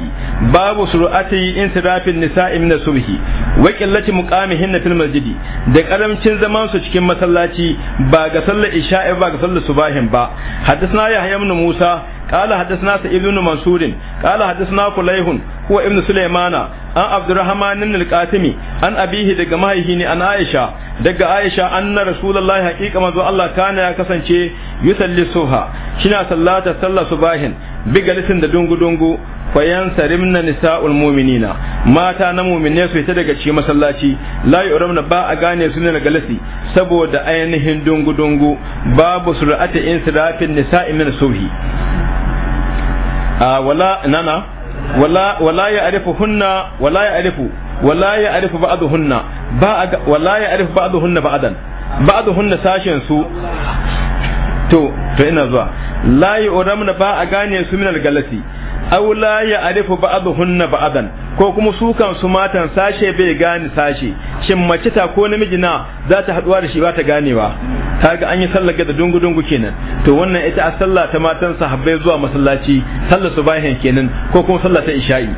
babu sur'ati insirafin nisa'i min subhi wa qillati muqamihinna fil masjidi da karamcin zaman su cikin masallaci ba ga sallar isha'i ba ga sallar subahin ba hadisna yahya ibn musa قال حدثنا سعيد بن منصور قال حدثنا قليح هو ابن سليمان عن عبد الرحمن بن القاسم عن أبيه دغ مهيهني عن عائشه دغ عائشه ان رسول الله حقيقة منذ الله كان يا كسنچه يصلي الصبح شنا صلاه صلى صباحا بجلسن دونغو دونغو فيان سرمن nisa'ul المؤمنين mata na mu'minai su ta daga cikin masallaci la yu'ramna ba a gane su ne daga lasi saboda ainihin dungu dungu babu sur'ata insirafin nisa'i min subhi Ah, wala ya arifu hunna wala ya arifu wala ya arifu ba wala ya arifu ba'du su to ina zuwa la yu'ramna ba a gane su min galati ya ya ba'adu ba'dhunna ba'dan ko kuma su kan su matan sashe bai gane sashe shin mace ta ko namiji na za ta haduwa da shi ba ta gane ganewa kaga an yi sallar gada dungu dungu kenan to wannan ita a sallah ta matan sahabbai zuwa masallaci sallar subahin kenan ko kuma sallar ta isha'i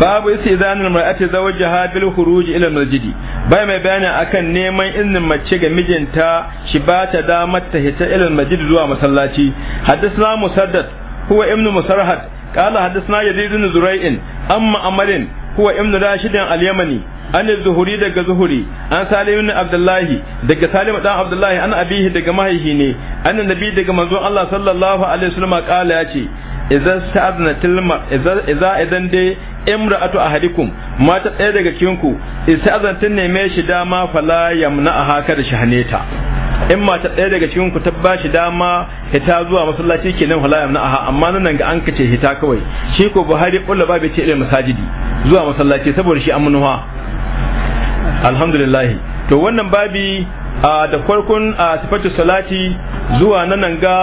babu istizanin mar'ati zawjaha bil khuruj ila masjid bai mai bayani akan neman iznin mace ga mijinta shi ba ta damar ta hita ila masjid zuwa masallaci haddathna musaddad هو ابن مسرهد قال حدثنا يزيد بن زريع أما عمر هو ابن راشد اليمني an zuhuri daga zuhuri an salim ibn abdullahi daga salim dan abdullahi an abihi daga mahaihi ne an nabi daga manzon Allah sallallahu alaihi wasallam kala ya ce idza sa'adna tilma idza idan dai imra'atu ahadikum mata ɗaya daga cikin ku ista'azantin ne mai shi dama a haka da kada ta. in mata ɗaya daga cikin ku ta bashi dama hita zuwa masallaci kenan wala na aha amma nan ga an kace hita kawai shi ko Buhari kullu babu ce ilmi masajidi zuwa masallaci saboda shi amnuwa alhamdulillah to wannan babi da farkon a sifatu salati zuwa nan ga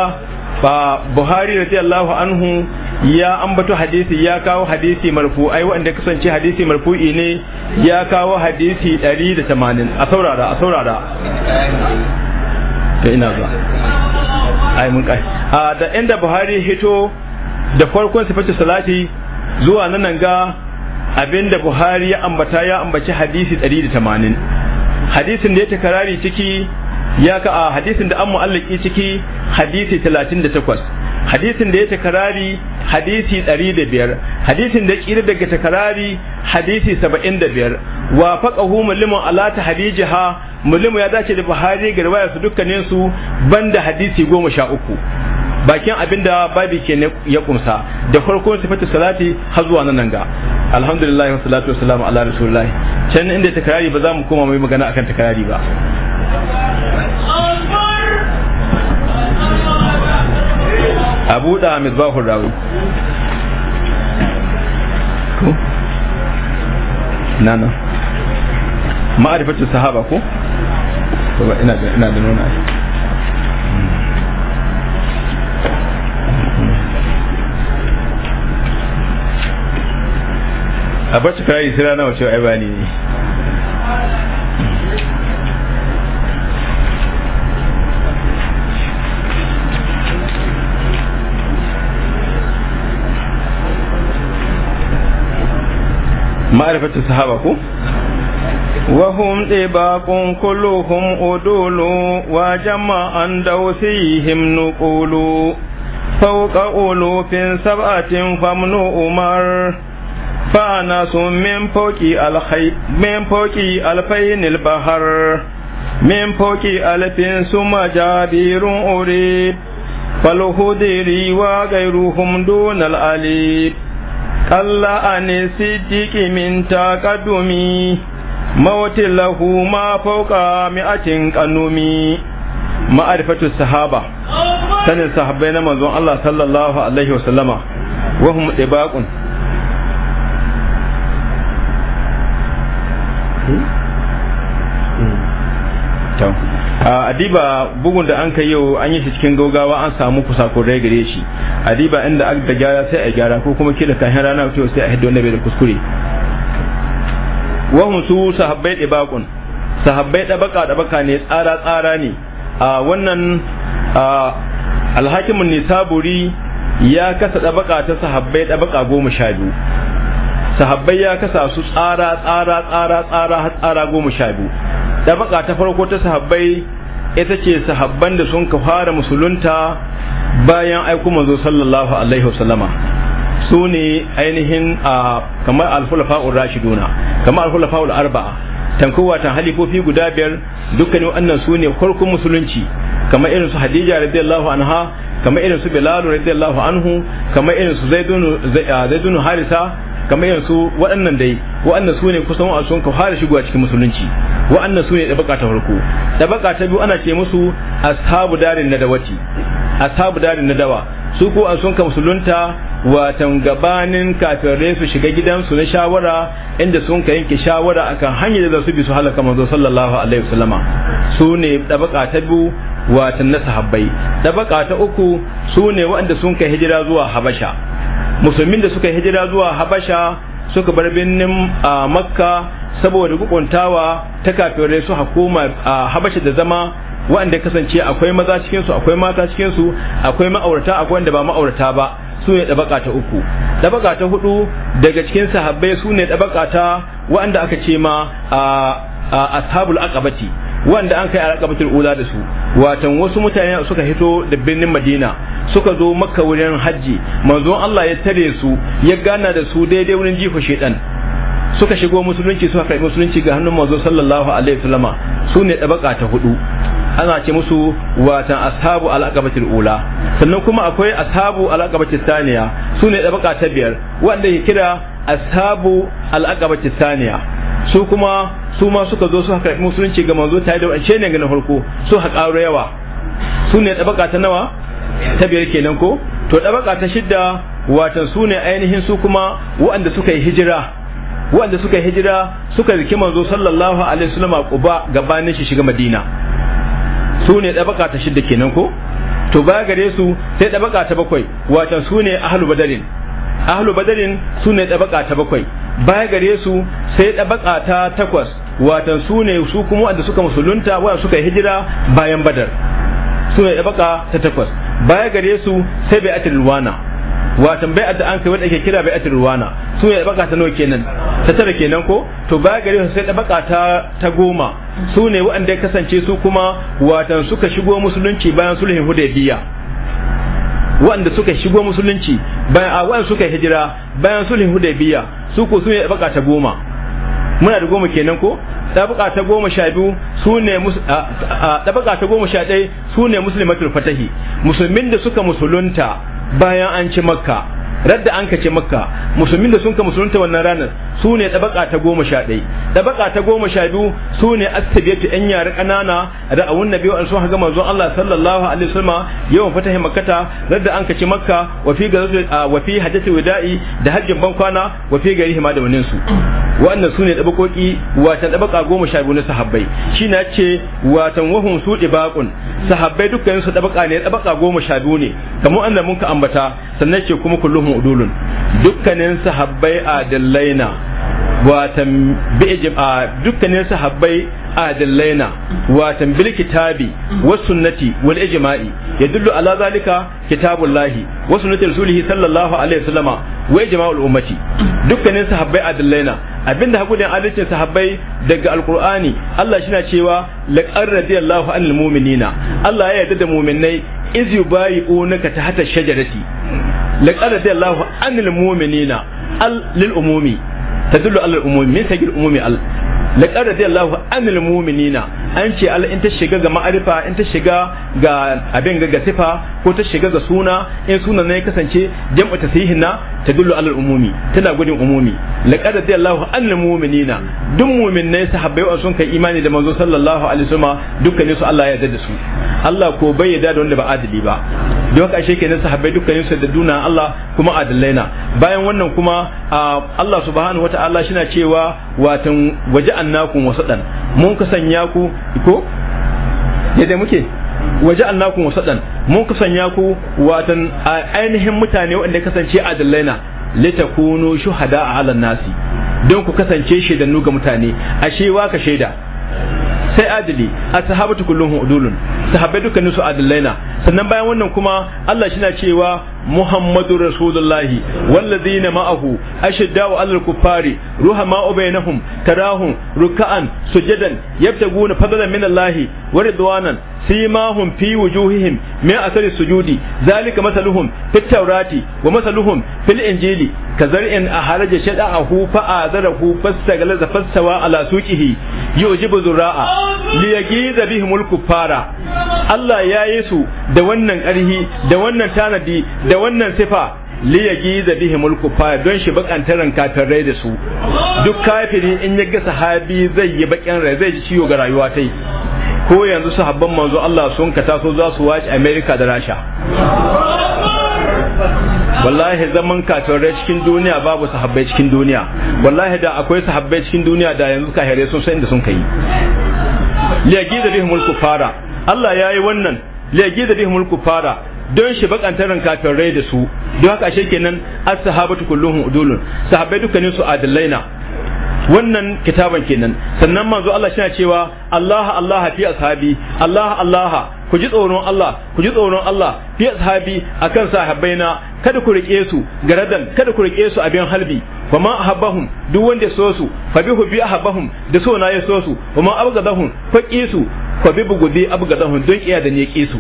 Buhari radiyallahu anhu ya ambato hadisi ya kawo hadisi ai wanda kasance hadisi marfu ne ya kawo hadisi 180 a saurara a saurara da ina zuwa ai mun kai a da inda buhari hito da farkon sifatu salati zuwa nan ga abinda buhari ya ambata ya ambaci hadisi 180 hadisin da ya takarari ciki ya ka a hadisin da an mu'allaki ciki hadisi 38 hadisin da ya takarari hadisi 105 hadisin da kira daga takarari hadisi 75 wa faqahu mulmun ala hadijiha mulimu ya dace da buhari garwaya su dukkanin su banda hadisi 13 bakin abinda babi ke ya kumsa da farkon sifatu salati har zuwa nan ga alhamdulillah wa salatu wa salam ala rasulillah can inda takarari ba za mu koma mai magana akan takarari ba a buɗa misbahun rawi nana ma'arifatu sahaba ko ina da nuna a bacci kayi sira nawa cewa ai bani ne ma'rifatu sahaba ko وهم طباق كلهم أدول وجمع عن دوسيهم نقول فوق ألوف سبعة فمن أمر فأناس من فوق الخي من فوق ألفين البحر من فوق ألف ثم جابير أريد فالهدري وغيرهم دون الأليب kalla a nisi min ta dumi mawati lahu ma fauka mi atin kanumi ma'arifatu sahaba sanin sahabbai na manzon Allah sallallahu alaihi wa sallama wa hum ibaqun Tchau. Hmm? Hmm. Hmm. adiba bugun da an kai yau an yi shi cikin gaugawa an samu kusakurai gare shi adiba inda aka da gyara sai a gyara ko kuma kila kan rana ko sai a hiddo nabi da kuskure hum su sahabbai ɗibakun sahabbai da baka ne tsara tsara ne a wannan alhakimun nisaburi ya kasa ɗabaka ta sahabbai ɗabaka goma sha biyu sahabbai ya kasa su tsara tsara tsara tsara har tsara goma sha biyu tabaka ta farko ta sahabbai ita ce sahabban da sun ka fara musulunta bayan aiko manzo sallallahu alaihi wasallama su ne ainihin a kamar alfulafa'ur rashiduna kamar alfulafa'ul arba'a tankuwa ta halifofi guda biyar dukkanin wannan su ne farkon musulunci kamar irin su hadija radiyallahu anha kamar irin su bilal radiyallahu anhu kamar irin su zaidun zaidun harisa kamar yanzu waɗannan dai waɗannan su ne kusan a sun fara shigowa cikin musulunci waɗannan su ne ɗabaka ta farko ɗabaka ta biyu ana ce musu ashabu darin nadawati ashabu darin dawa su ko an sun musulunta watan gabanin kafirai su shiga gidansu na shawara inda sun ka yanke shawara akan hanyar da za su bi su halaka manzo sallallahu alaihi wasallama su ne ɗabaka ta biyu watan na sahabbai ɗabaka ta uku su ne waɗanda sun ka hijira zuwa habasha musulmin da suka hijira zuwa habasha suka bar birnin makka saboda gukuntawa ta kafirai su hakuma habasha da zama waɗanda kasance akwai maza cikin akwai mata cikinsu su akwai ma'aurata akwai wanda ba ma'aurata ba su ne ɗabaka ta uku ɗabaka ta hudu daga cikin sahabbai su ne ɗabaka ta waɗanda aka ce ma ashabul aqabati wanda an kai alaqabatul ula da su watan wasu mutane suka hito da birnin madina suka zo makka wurin hajji manzo Allah ya tare su ya gana da su daidai wurin jifa shedan suka shigo musulunci suka kai musulunci ga hannun manzo sallallahu alaihi wasallama su ne dabaka ta hudu ana ce musu watan ashabu alaqabatil ula sannan kuma akwai ashabu alaqabatil thaniya su ne dabaka ta biyar wanda ke kira ashabu alaqabatil thaniya su kuma su ma suka zo su karɓi musulunci ga manzo ta da wance ne ga na farko su haka yawa su ne tabaka ta nawa ta biyar kenan ko to tabaka ta shidda watan su ne ainihin su kuma waɗanda suka yi hijira waɗanda suka yi hijira suka ziki manzo sallallahu alaihi wasallam a Quba gabanin shi shiga Madina su ne tabaka ta shidda kenan ko to baya gare su sai tabaka ta bakwai watan su ne ahlul badarin ahlu badarin su ne tabaka ta bakwai baya gare su sai tabaka ta takwas watan su ne su kuma wanda suka musulunta wanda suka hijira bayan badar su ne tabaka ta takwas baya gare su sai bai'atul ruwana watan bai da an kai wanda ake kira bai'atul ruwana su ne tabaka ta nawa kenan ta tara kenan ko to baya gare su sai tabaka ta ta goma su ne waɗanda ya kasance su kuma watan suka shigo musulunci bayan sulhin hudaybiya waɗanda suka shigo musulunci bayan a waɗanda suka hijira bayan sulhin hudaybiya su ko su ne baka ta goma muna da goma kenan ko da ta goma sha biyu su ne da ta goma sha ɗaya su ne musulmatul fatahi musulmin da suka musulunta bayan an ci makka radda an kace makka musulmin da sun ka musulunta wannan ranar su ne tabaka ta goma sha ɗaya tabaka ta goma sha biyu su ne astabiyatu yan yara ƙanana awun nabiyu an sun haga manzon Allah sallallahu alaihi wasallam yawan fatahi makkata radda an kace makka wa fi wa fi hadati wada'i da hajjin ban kwana wa fi gari ma da wannan su wannan su ne tabakoki watan tabaka goma sha biyu na sahabbai shi na ce watan wahum su ibaqun sahabbai dukkan su tabaka ne tabaka goma sha biyu ne kamar annabinka ka ambata sannan ce kuma kullum. udulun dukkanin sahabbai adillai na watan dukkanin sahabbai adillaina watan bil kitabi was sunnati wal ijma'i yadullu ala zalika kitabullahi was sunnati rasulihi sallallahu alaihi wasallama wa ijma'ul ummati dukkanin sahabbai adillaina abinda hakudin adalcin sahabbai daga alqur'ani Allah shi na cewa laqad radiyallahu anil mu'minina Allah ya yarda da mu'minai iz yubayi'unaka tahta shajarati laqad radiyallahu anil mu'minina lil umumi تدل على العموم من سجل العموم da laqad radiyallahu anil mu'minina an ce Allah in ta shiga ga ma'arifa in ta shiga ga abin ga sifa ko ta shiga ga suna in suna ne kasance jam'u tasihin na dullu alal umumi tana gudun umumi laqad radiyallahu anil mu'minina duk mu'minai sahabbai wa sun kai imani da manzo sallallahu alaihi wasallam dukkanin su Allah ya yarda da su Allah ko bai yarda da wanda ba adali ba don haka ashe kenan sahabbai dukkanin su da duna Allah kuma adalai na bayan wannan kuma Allah subhanahu wataala shi na cewa watan waje ja'alnakum wasadan mun ka sanya ku ko yadda muke wa ja'alnakum wasadan mun ka sanya ku watan ainihin mutane wanda kasance adallaina litakunu shuhada ala nasi don ku kasance shaidannu ga mutane ashe wa ka shaida sai adali, a sahabatu kullum udulun sahabbai dukkanin su adallaina sannan bayan wannan kuma Allah shi na cewa محمد رسول الله والذين معه أشداء على الكفار رحماء بينهم تراهم ركعا سجدا يبتغون فضلا من الله ورضوانا سيماهم في وجوههم من أثر السجود ذلك مثلهم في التوراة ومثلهم في الإنجيل كزرع أهرج شدعه فآذره فاستغلظ فاستوى على سوقه يعجب ذراء ليغيظ بهم الكفار الله يا يسو da wannan ƙarhi da wannan tanadi da da wannan sifa li bihi mulku fa don shi bakantaran kafirai da su duk kafiri in ya ga sahabi zai yi bakin rai zai ji ciwo ga rayuwa tai ko yanzu sahabban manzo Allah sun ka taso za su wace America da Rasha wallahi zaman rai cikin duniya babu sahabbai cikin duniya wallahi da akwai sahabbai cikin duniya da yanzu hare sun san inda sun kai li bihi mulku fara Allah yayi wannan li bihi mulku fara. don shi kafin rai da su don haka shi kenan as-sahabatu kulluhum udulun sahabbai dukkanin su adillai wannan kitaban kenan sannan manzo Allah shi cewa Allah Allah fi ashabi Allah Allah ku ji tsoron Allah ku ji tsoron Allah fi ashabi akan sahabbaina kada ku rike su garadan kada ku rike su abin halbi wa ma ahabbahum duk wanda so su fa bihu bi ahabbahum da so na ya so su wa ma abgadahum fa qisu fa bi bugudi abgadahum don iya da ne qisu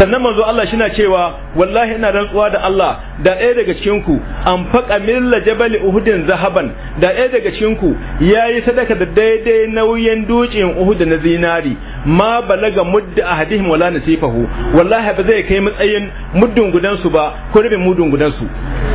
sannan manzo Allah shi na cewa wallahi ina rantsuwa da Allah da ɗaya daga cikin ku an faƙa milla jabal uhudin zahaban da ɗaya daga cikin ku yayi sadaka da daidai nauyin dutsen uhud na zinari ma balaga mudda ahadihim wala nasifahu wallahi ba zai kai matsayin muddin gudansu ba ko rabin mudun gudansu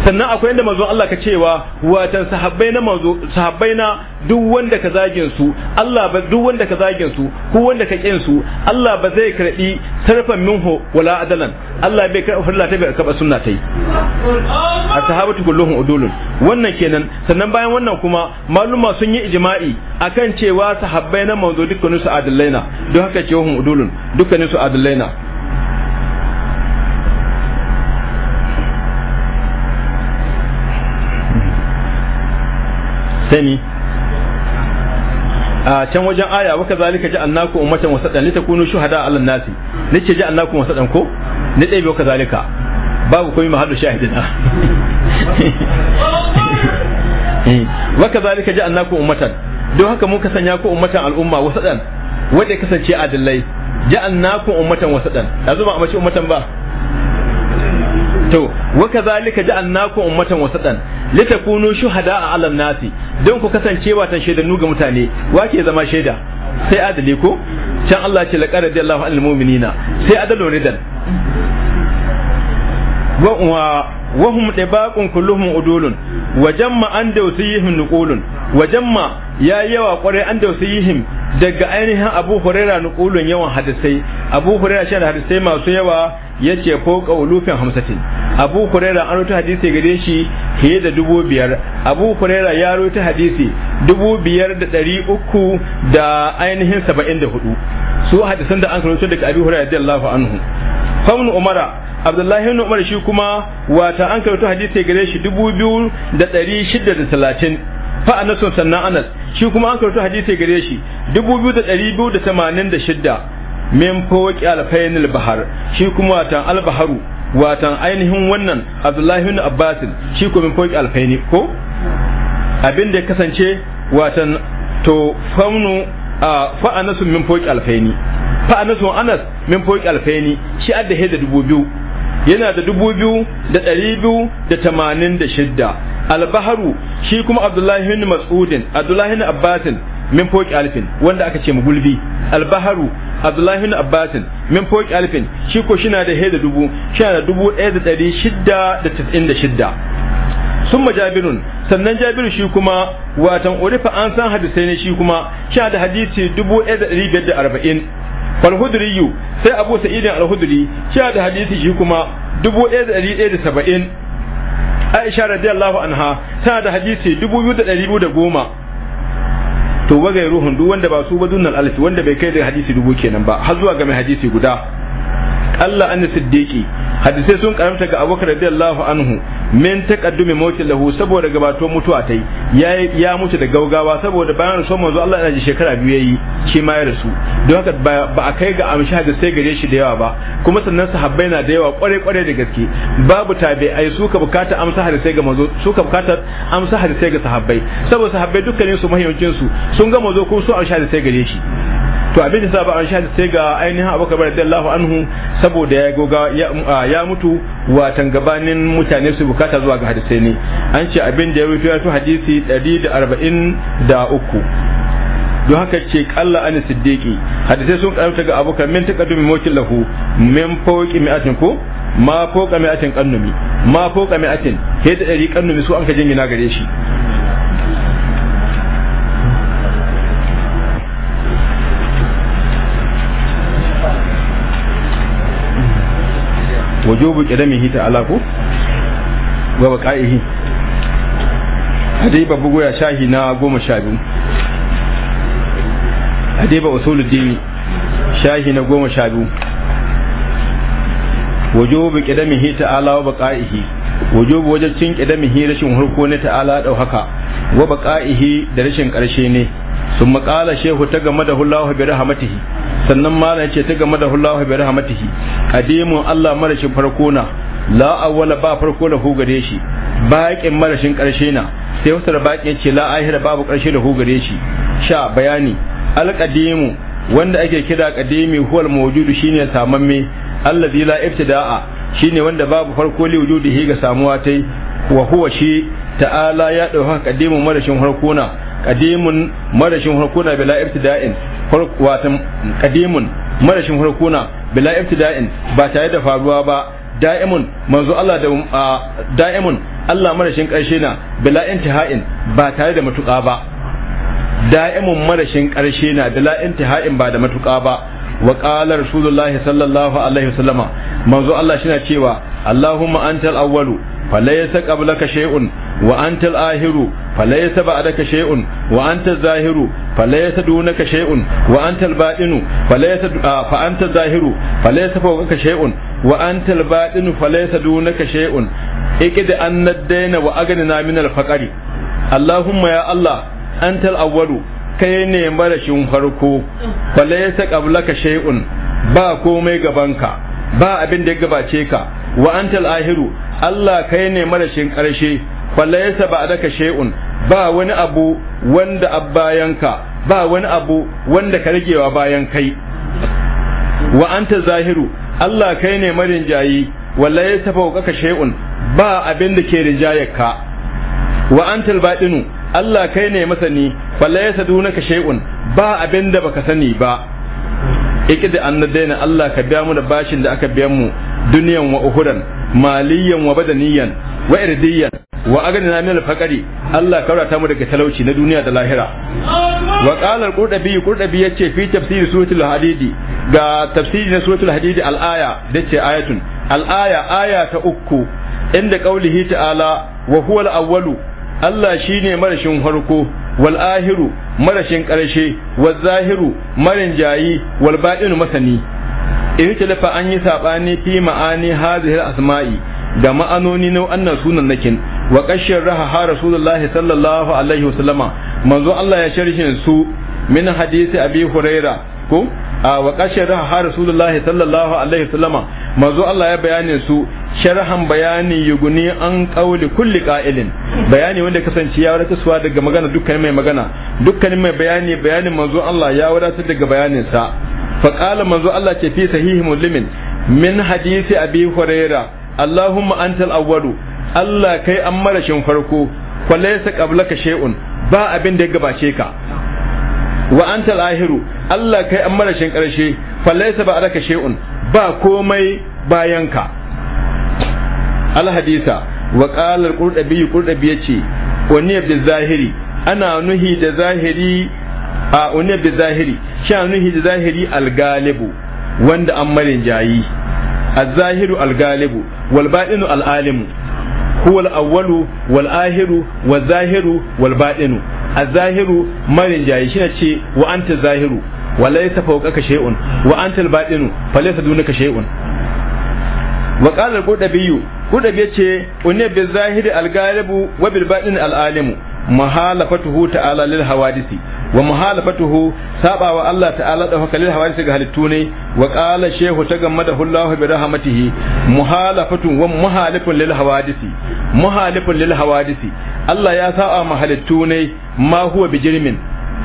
sannan akwai inda manzon Allah ka cewa watan sahabbai na manzo sahabbai na duk wanda ka zagin su Allah ba duk wanda ka zagin su ko wanda ka kin su Allah ba zai karbi sarfan minhu wala adalan Allah bai karbi farla ta bai karba sunna tai sahabatu kulluhum udulun wannan kenan sannan bayan wannan kuma maluma sun yi ijma'i akan cewa sahabbai na manzo dukkanin su adallaina don haka ce wahum udulun dukkanin su adalai na sani a can wajen aya waka zalika ji annaku ummatan wasadan li takunu shuhada ala nasi nace ji annaku wasadan ko ni dai waka zalika babu komai ma mahallu shahidina eh, waka zalika ji annaku ummatan don haka muka sanya ku ummatan al'umma wasadan wanda ya kasance adillai ja'alnakum ummatan wasadan yanzu ba a mace ummatan ba to wa kazalika naku ummatan wasatan litakunu shuhada 'ala nasi don ku kasance tan shaidannu ga mutane wa ke zama shaida sai adali ko can Allah ce qara radiyallahu 'anil mu'minina sai ne dan wa wa hum dibaqun kulluhum udulun wa jamma an dawsihim nuqulun wajamma ya yawa kwarai an da yihim daga ainihin abu huraira nukulun yawan hadisai abu huraira shi da hadisai masu yawa yace ko qaulufin hamsatin abu huraira an rubuta hadisi gare shi fiye da dubu biyar abu huraira ya rubuta hadisi dubu biyar da ɗari uku da ainihin saba'in da hudu su hadisan da an rubuta daga abu huraira radiyallahu anhu faunu umara abdullahi ibn umar shi kuma wata an karuta hadisi gare shi dubu biyu da ɗari shida da talatin fa anasun sannan anas shi kuma an karanta hadisi gare shi 2286 min fawqi alfayn albahar shi kuma watan albaharu watan ainihin wannan abdullahi ibn abbas shi kuma min fawqi alfayni ko abin da ya kasance watan to faunu fa anasun min fawqi alfayni fa anasun anas min fawqi alfayni shi adda da dubu biyu yana da dubu biyu da biyu da tamanin da shidda albaharu shi kuma abdullahi bin mas'udin abdullahi bin abbasin min foki alfin wanda aka ce mugulbi albaharu abdullahi bin abbasin min foki alfin shi ko shi na da hedda dubu shi na da dubu ɗaya da ɗari shidda da tis'in da shidda summa jabirun sannan jabirun shi kuma watan urufa an san hadisai ne shi kuma shi na da hadisi dubu ɗaya da ɗari biyar da arba'in falhudriyu sai abu sa'idin alhudri shi da hadisi shi kuma dubu ɗaya da ɗari ɗaya da saba'in Aisha radiyallahu anha tana da hadisi 2210 to wa ruhun duk wanda ba su ba dunnal alfi wanda bai kai da hadisi dubu kenan ba har zuwa ga mai hadisi guda Allah annasiddiqi siddiqi hadisai sun karamta ga abubakar radiyallahu anhu min taqaddumi mautin lahu saboda gabato mutuwa tai ya ya mutu da gaugawa saboda bayan rasuwar manzo Allah yana ji shekara biyu yayi shi ma ya rasu don haka ba a kai ga amshi hadisai gare shi da yawa ba kuma sannan sahabbai na da yawa kware kware da gaske babu su suka bukata amsa hadisai ga manzo suka bukata amsa hadisai ga sahabbai saboda sahabbai dukkanin su mahimmancin su sun ga manzo ko su amshi sai gare shi to abin da sa ba amshi ga ainihin abubakar radiyallahu anhu saboda ya goga ya ya mutu watan gabanin mutane su bukata zuwa ga hadisai ne an ce abin da ya rufe ya hadisi 143 don haka ce kalla an siddiqi hadisai sun karanta ga abokan min taqaddu min mawkin lahu min fawqi mi'atin ko ma fawqa mi'atin qannumi ma fawqa mi'atin hita dari qannumi su an ka jingina gare shi wujubu qidamihi ta'ala ku wa baqaihi hadiba bugu ya shahi na goma sha biyu hadai usuluddin shahi na goma sha biyu wujubu qidamihi ta'ala wa baqaihi wujubu wajibcin qidamihi rashin hurko ne ta'ala haka wa baqaihi da rashin karshe ne sun maƙala shehu ta game da hulahu bi rahmatihi sannan na ce ta game da hulahu bi rahmatihi kadimun Allah marashin farko na la awwala ba farko da hu gare shi baƙin marashin ƙarshe na sai wata da baƙin ce la ahira babu karshe da hu gare shi sha bayani kadimu wanda ake kira kadimi huwal mawjudu shine samamme allazi la ibtida'a shine wanda babu farko li wujudihi ga samuwa tai wa huwa shi ta'ala ya dauka kadimu marashin farko na qadimun marashin harkuna bila ibtida'in watan qadimun marashin harkuna bila ibtida'in ba tare da faruwa ba da'imun manzo Allah da da'imun Allah marashin karshe na bila intiha'in ba tare da matuƙa ba da'imun marashin karshe na bila intiha'in ba da matuƙa ba wa qala rasulullahi sallallahu alaihi wasallama manzo Allah shi na cewa Allahumma antal awwalu falaysa qablaka shay'un wa anta al-ahiru falaysa ba'daka shay'un wa zahiru falaysa dunaka shay'un wa anta al-batinu falaysa fa anta az-zahiru dunaka shay'un iqid anna ad-dayna wa aghnina min al-faqri allahumma ya allah anta al-awwalu kai ne marashin farko falaysa qablaka shay'un ba komai gabanka ba abinda ya gabace ka wa antal ahiru Allah kai ne marashin karshe falaysa ba'daka shay'un ba wani abu wanda abbayanka ba wani abu wanda ka ragewa bayan kai wa anta zahiru Allah kai ne marin jayi walaysa fawqaka shay'un ba abin da ke rijayarka wa antal batinu Allah kai ne masani falaysa dunaka shay'un ba abin da baka sani ba ikida an daina Allah ka biya mu da bashin da aka biya mu duniyan wa uhudan maliyan wa badaniyan wa irdiyan wa min al Allah ka rata mu daga talauci na duniya da lahira wa qala al-qurdabi qurdabi yace fi tafsir suratul hadidi ga tafsiri na suratul hadidi al'aya. dace ayatun al'aya aya ta uku inda qaulihi ta'ala wa huwa al-awwalu Allah shine marashin farko wal ahiru marashin karshe wal zahiru marin jayi wal batinu masani ihtalafa an yi sabani fi ma'ani hadhihi asma'i da ma'anoni na wannan sunan nakin wa qashir raha ha rasulullah sallallahu alaihi wasallama manzo Allah ya sharhin su min hadisi abi huraira ko wa qashir raha ha rasulullah sallallahu alaihi wasallama manzo Allah ya bayanin su sharhan bayani yuguni an qauli kulli qa'ilin bayani wanda kasance ya wadatuwa daga magana dukkan mai magana dukkan mai bayani bayanin manzo Allah ya wadatar daga bayanin sa faƙala manzo Allah ce fi sahihi muslimin min hadisi abi huraira Allahumma antal awwalu Allah kai an marashin farko fa laysa qablaka shay'un ba abin da ya gabace ka wa antal ahiru Allah kai an marashin karshe fa laysa ba'daka shay'un ba komai ka. al hadisa wa qala al qurdabi qurdabi yace wani da zahiri ana nuhi da zahiri a wani bi zahiri shi a nuhi da zahiri algalibu wanda an marin jayi a zahiru al' algalibu walbaɗinu al'alimu huwa al'awwalu wal'ahiru wa zahiru walbaɗinu a zahiru marin jayi shi ce wa anta zahiru wa laisa fawqaka shay'un wa anta al-baṭinu fa laysa dunaka shay'un wa qala al-qudabiyyu qudabi yace unne bi zahiri al-ghalibu wa bil baṭin al-alimu mahalafatuhu ta'ala lil hawadisi wa muhalafatuhu saɓawa Allah ta'ala da hakalil hawarisi ga halittu ne wa qala shehu tagammadahu Allah bi rahmatihi muhalafatun wa muhalifun lil hawadisi muhalifun lil hawadisi Allah ya saba ma halittu ne ma huwa bijirmin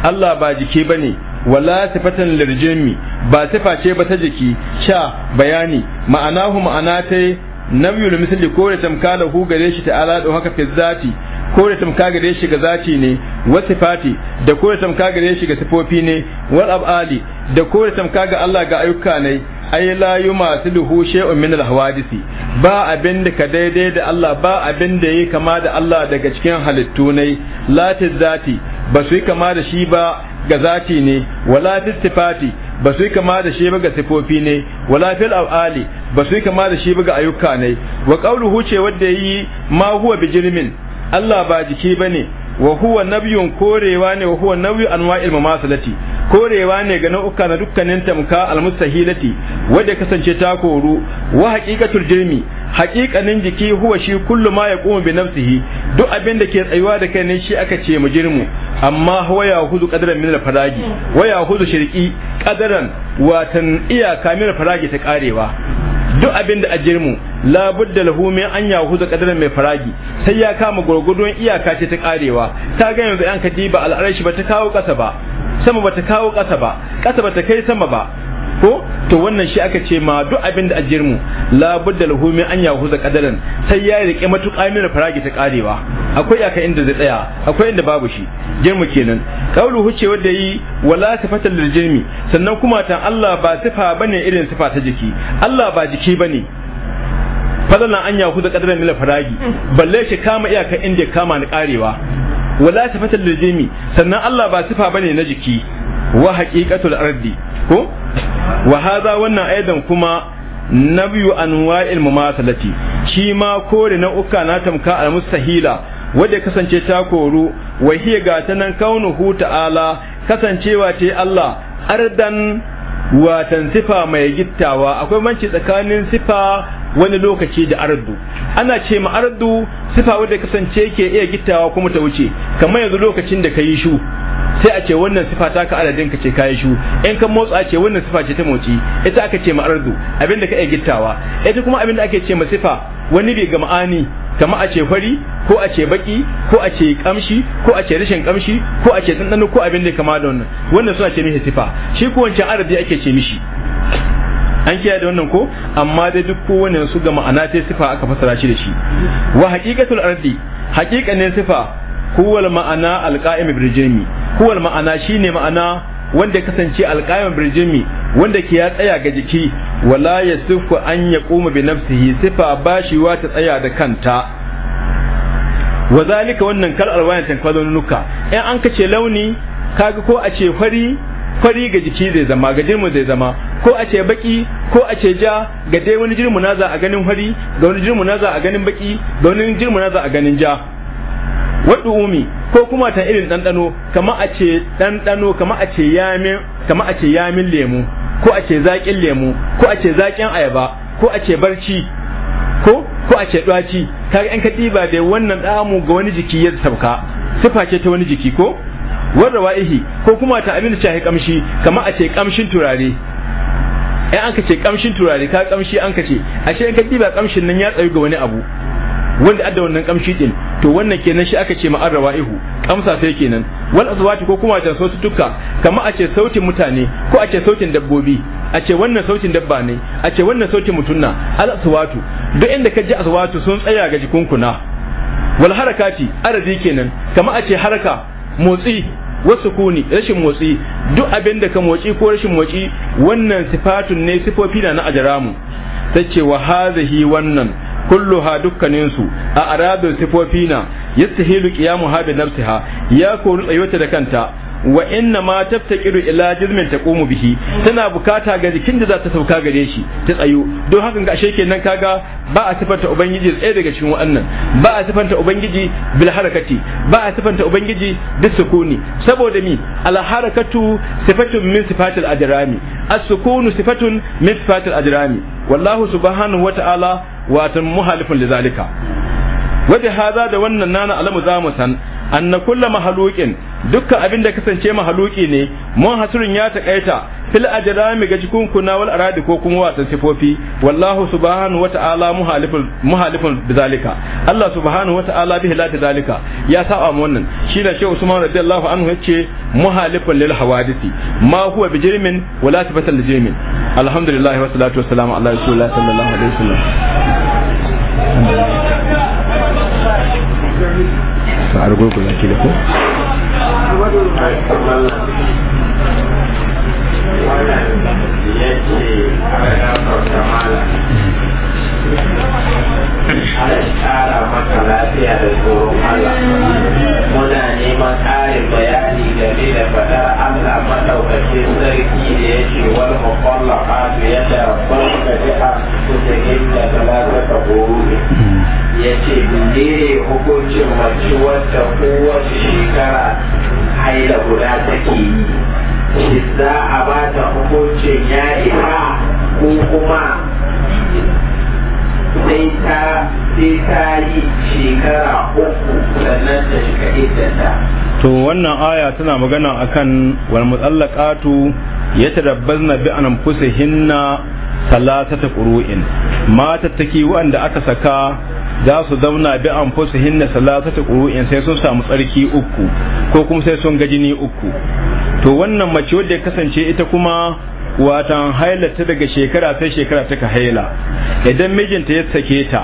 Allah ba jiki bane wala sifatan lirjimi ba sifa ce ba ta jiki sha bayani ma'anahu ma'ana tai namyul misli ko da tamkala hu gare shi ta'ala don haka fi zati kore tamka gare shi ga zati ne wa sifati da kore tamka gare shi ga sifofi ne wal abali da kore tamka ga Allah ga ayyuka ne ay la yumathiluhu shay'un min al hawadisi ba abin da ka daidai da Allah ba abinda da yake kama da Allah daga cikin halittu ne la zati ba su kama da shi ba ga zati ne wala sifati ba su kama da shi ba ga sifofi ne wala fil abali ba su kama da shi ba ga ayyuka ne wa qawluhu ce wanda yi ma huwa bijirmin Allah ba jiki bane wa huwa nabiyun korewa ne wa huwa nabiyyu anwa'il mamasalati korewa ne ga nau'uka na dukkanin tamka almustahilati wadda kasance ta koru wa haqiqatul jirmi haqiqanin jiki huwa shi kullu ma yaqumu bi nafsihi duk abin da ke tsayuwa da kai ne shi aka ce mu jirmu amma huwa yahuzu qadaran min al wa yahuzu shirqi qadaran watan iyaka min al-faragi ta karewa duk abin da ajirmu labudda lahu mai an huza kadar mai faragi sai ya kama gurgudun iyaka ce ta karewa ta ga yanzu an ba al'arshi ba ta kawo kasa ba sama ba ta kawo kasa ba kasa ba ta kai sama ba ko to wannan shi aka ce ma duk abin da ajiyar mu labudda lahu min an yahu za kadaran sai ya rike matuƙa min faragi ta karewa akwai aka inda zai tsaya akwai inda babu shi jirmu kenan kaulu huce wanda yi wala sifatal lil jirmi sannan kuma tan Allah ba sifa bane irin sifa ta jiki Allah ba jiki bane fadlan an yahu za kadaran min faragi balle shi kama iyaka inda kama ni karewa wala sifatal lil jirmi sannan Allah ba sifa bane na jiki wa haqiqatul ardi ko wahaza wannan aidan kuma nabiyu anwa'il mumathalati shi ma kore na uka na tamka al mustahila wadda kasance ta koru wa hiya ga ta nan kaunuhu ta'ala kasancewa ce Allah ardan watan sifa mai gittawa akwai manci tsakanin sifa wani lokaci da ardu ana ce ma ardu sifa wadda kasance ke iya gittawa kuma ta wuce kamar yanzu lokacin da ka yi shu sai a ce wannan sifa ta ka aladin ka ce kayi shu in kan motsa ce wannan sifa ce ta motsi ita aka ce ma'ardu abinda ka iya gittawa ita kuma abinda ake ce ma sifa wani bai ga ma'ani kama a ce fari ko a ce baki ko a ce kamshi ko a ce rashin kamshi ko a ce dandano ko abin da kama da wannan wannan suna ce mishi sifa shi ko wancan arabi ake ce mishi an kiyaye da wannan ko amma dai duk wannan su ga ma'ana sai sifa aka fasara shi da shi wa haqiqatul ardi haqiqanin sifa huwal ma'ana alqa'im birjimi huwal ma'ana shine ma'ana wanda ya kasance alqa'im birjimi wanda ke ya tsaya ga jiki wala yasifu an yaquma bi nafsihi sifa wa ta tsaya da kanta wa zalika wannan kal alwayan tankwazon nuka in an kace launi kaga ko a ce fari fari ga jiki zai zama ga jirmu zai zama ko a ce baki ko a ce ja ga dai wani jirmu na za a ganin fari ga wani jirmu na za a ganin baki ga wani jirmu na za a ganin ja Waɗu umi ko kuma ta irin ɗanɗano kama a ce ɗanɗano kama a ce yamin kama a ce yamin lemu ko a ce zaƙin lemu ko a ce zaƙin ayaba ko a ce barci ko ko a ce ɗwaci kaga yan katiba da wannan ɗamu ga wani jiki ya sauka sifa ce ta wani jiki ko warra wa'ihi ko kuma ta abin da shahi kamshi kama a ce kamshin turare in an ka ce kamshin turare ka kamshi an ka ce ashe in ka ba kamshin nan ya tsayu ga wani abu wanda adda wannan kamshi din to wannan kenan shi aka ce ma an amsa kamsa sai kenan wal azwati ko kuma ta sautu tukka kamar a ce sautin mutane ko a ce sautin dabbobi a ce wannan sautin dabba ne a ce wannan sautin mutunna al azwatu duk inda ka ji aswatu sun tsaya ga jikunkuna wal harakati arzi kenan kamar a ce haraka motsi wasu kuni rashin motsi duk abin da ka motsi ko rashin motsi wannan sifatun ne sifofi na na ajaramu ta ce wa hazihi wannan kulluha dukkaninsu a arabin sifofi na yastahilu qiyamu ha bi nafsiha ya koru tsayuwata da kanta wa inna ma taftaqiru ila jizmin taqumu bihi tana bukata ga jikin da za ta sauka gare shi ta tsayo don hakan ga ashe kenan kaga ba a sifanta ubangiji tsaye daga cikin wannan ba a sifanta ubangiji bil harakati ba a sifanta ubangiji bis sukuni saboda mi al harakatu sifatun min sifatil ajrami as sukunu sifatun min sifatil ajrami wallahu subhanahu wa ta'ala watan muhalifin li wajen haza da wannan nana alamu za mu san anna kulla mahalukin dukkan abin da kasance mahaluki ne mun hasurin ya takaita fil ajrami ga cikin kuna wal aradi ko kuma wata sifofi wallahu subhanahu wata'ala muhalifun muhalifun bizalika Allah subhanahu wata'ala bihi la zalika ya saba mu wannan shine Sheikh Usman radiyallahu anhu yace muhalifun lil hawadisi ma huwa bijrimin wala tabatal bijrimin alhamdulillah wa salatu wa salam ala rasulillah sallallahu alaihi wasallam a rugurgula shi da ko ana tsara maka lafiya da tsoron ala. ce wadda kowace shekara haila guda take yi shi za a ba ta hukuncin ya isa ko kuma sai ta yi shekara uku sannan ta shiga idanta to wannan aya tana magana akan wal mutallaqatu yatarabbazna bi anfusihinna salatata qur'in matattaki wanda aka saka za su zauna bi an fusu hinna salatata in sai sun samu tsarki uku ko kuma sai sun gajini uku to wannan mace wadda ya kasance ita kuma watan ta daga shekara sai shekara ta haila idan mijinta ya sake ta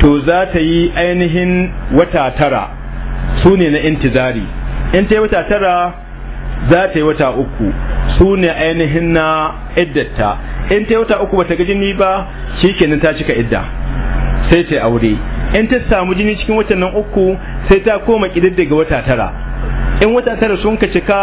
to za ta yi ainihin wata tara su ne na intizari in ta yi wata tara za ta yi wata uku su ne ainihin na iddata in ta yi wata uku ba ta gajini ba shikenan ta cika idda sai ta aure in ta samu jini cikin watan nan uku sai ta koma daga wata tara in wata tara sun ka cika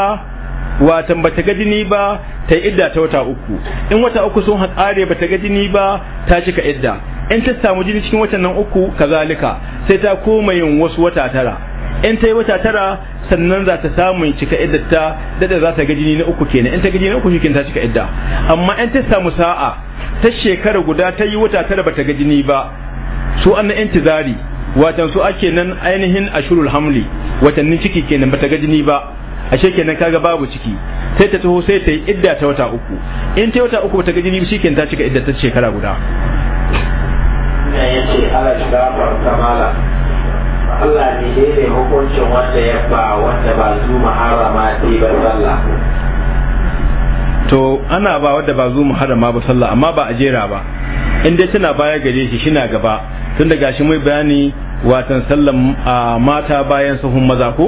watan ba ta ga jini ba ta yi idda ta wata uku in wata uku sun haƙare ba ta ga jini ba ta cika idda in ta samu jini cikin watan nan uku kazalika sai ta koma yin wasu wata tara in ta yi wata tara sannan za ta samu cika iddata dada za ta ga jini na uku kenan in ta ga jini na uku shikin ta cika idda amma in ta samu sa'a ta shekara guda ta yi wata tara ba ta ga jini ba su an na intizari watan su ake nan ainihin ashurul hamli watannin ciki kenan bata ga jini ba ashe kenan kaga babu ciki sai ta taho sai ta yi idda ta wata uku in ta wata uku bata ga jini shi kenan ta cika idda ta shekara guda yace Allah ne ne hukuncin wanda ya ba wanda ba zu muharrama sai ba to ana ba wanda ba zuwa harama ba sallah amma ba a jera ba in dai tana baya gare shi shina gaba tun da gashi mai bayani watan sallan mata bayan sahun maza ko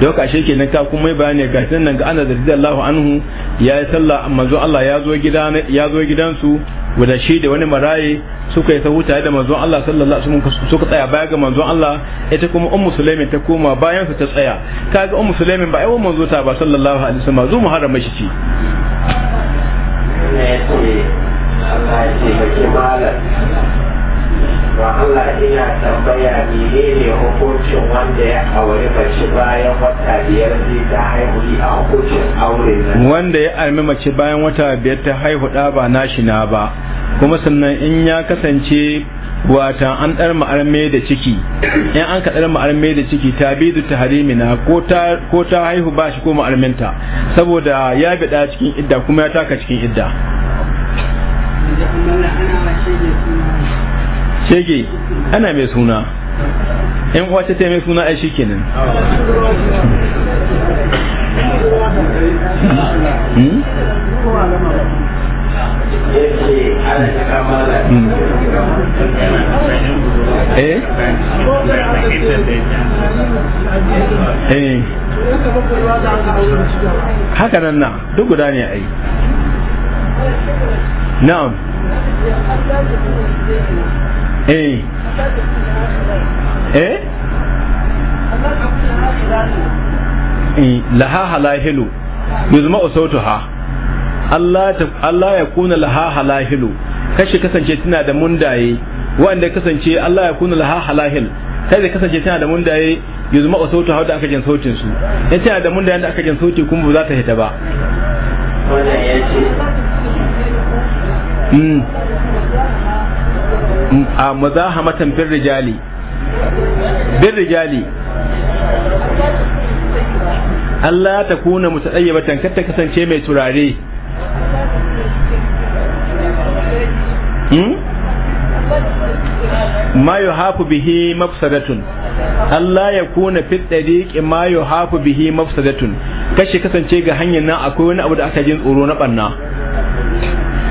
da haka shi kenan ta kuma mai bayani ga tun nan ga ana da radiyallahu anhu ya yi sallah manzo Allah ya zo gida ya zo gidansu wanda shi da wani maraye suka yi sahu tare da manzo Allah sallallahu alaihi wasallam suka tsaya baya ga manzo Allah ita kuma ummu sulaimin ta koma bayan su ta tsaya kaga ummu sulaimin ba ai wannan manzo ta ba sallallahu alaihi wasallam zo muharrama shi ce Allah ya taimaki malam wa Allah ina tambaya menene hukuncin wanda ya aure mace bayan wata biyar zai ta haihu a hukuncin aure na wanda ya aure mace bayan wata biyar ta haihu da ba nashi na ba kuma sannan in ya kasance wata an dar ma'arme da ciki in an ka dar ma'arme da ciki ta bidu ta harimina ko ta ko ta haihu ba shi ko ma'arminta saboda ya bida cikin idda kuma ya taka cikin idda shege ana mai suna yan wace ta mai suna ai shikenan hmm? hmm. eh? eh. haka nan na duk guda ne yi na'am eh eh, eh yuzma Allah Allah ya kuna kashi kasance tana da mundaye wanda kasance Allah ya kuna laha halahil kai da kasance tana da mundaye yuzma da aka jin sautin su tana da mundaye da aka jin sauti kuma ba za ta hita ba Mm. Mm, a mazahamatan bin rijali bin rijali Allah ta kuna mutadayyibatan kar ta kasance mai turare mm? ma hafu bihi mafsadatun Allah ya kuna fi tsariƙi ma hafu bihi mafsadatun kashi kasance ga hanyar nan akwai wani abu da aka jin tsoro na ɓanna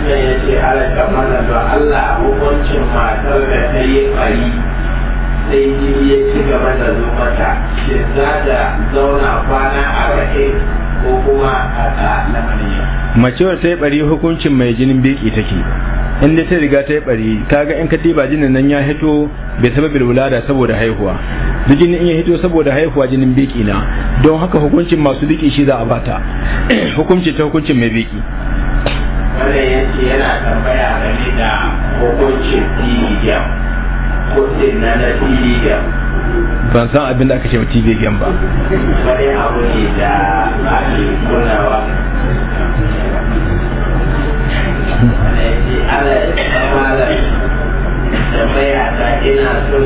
nan ya ce halatta mana ba Allah hukuncin matar da ta yi fari sai jini ya ci gaba da zo mata shi za da zauna kwana a rahe ko kuma a lamaniya. Mace macewar ta yi bari hukuncin mai jinin biki take in dai ta riga ta yi bari kaga in ka ba jinin nan ya hito bai sababin wulada saboda haihuwa duk jinin in ya hito saboda haihuwa jinin biki na don haka hukuncin masu biki shi za a bata hukuncin ta hukuncin mai biki wanda ya yana tambaya game da hukuncin tiliyan kudin na na tiliyan ban san abin da aka ce tv game ba wani abu ne da ake kunawa ana kamalar tambaya ta ina son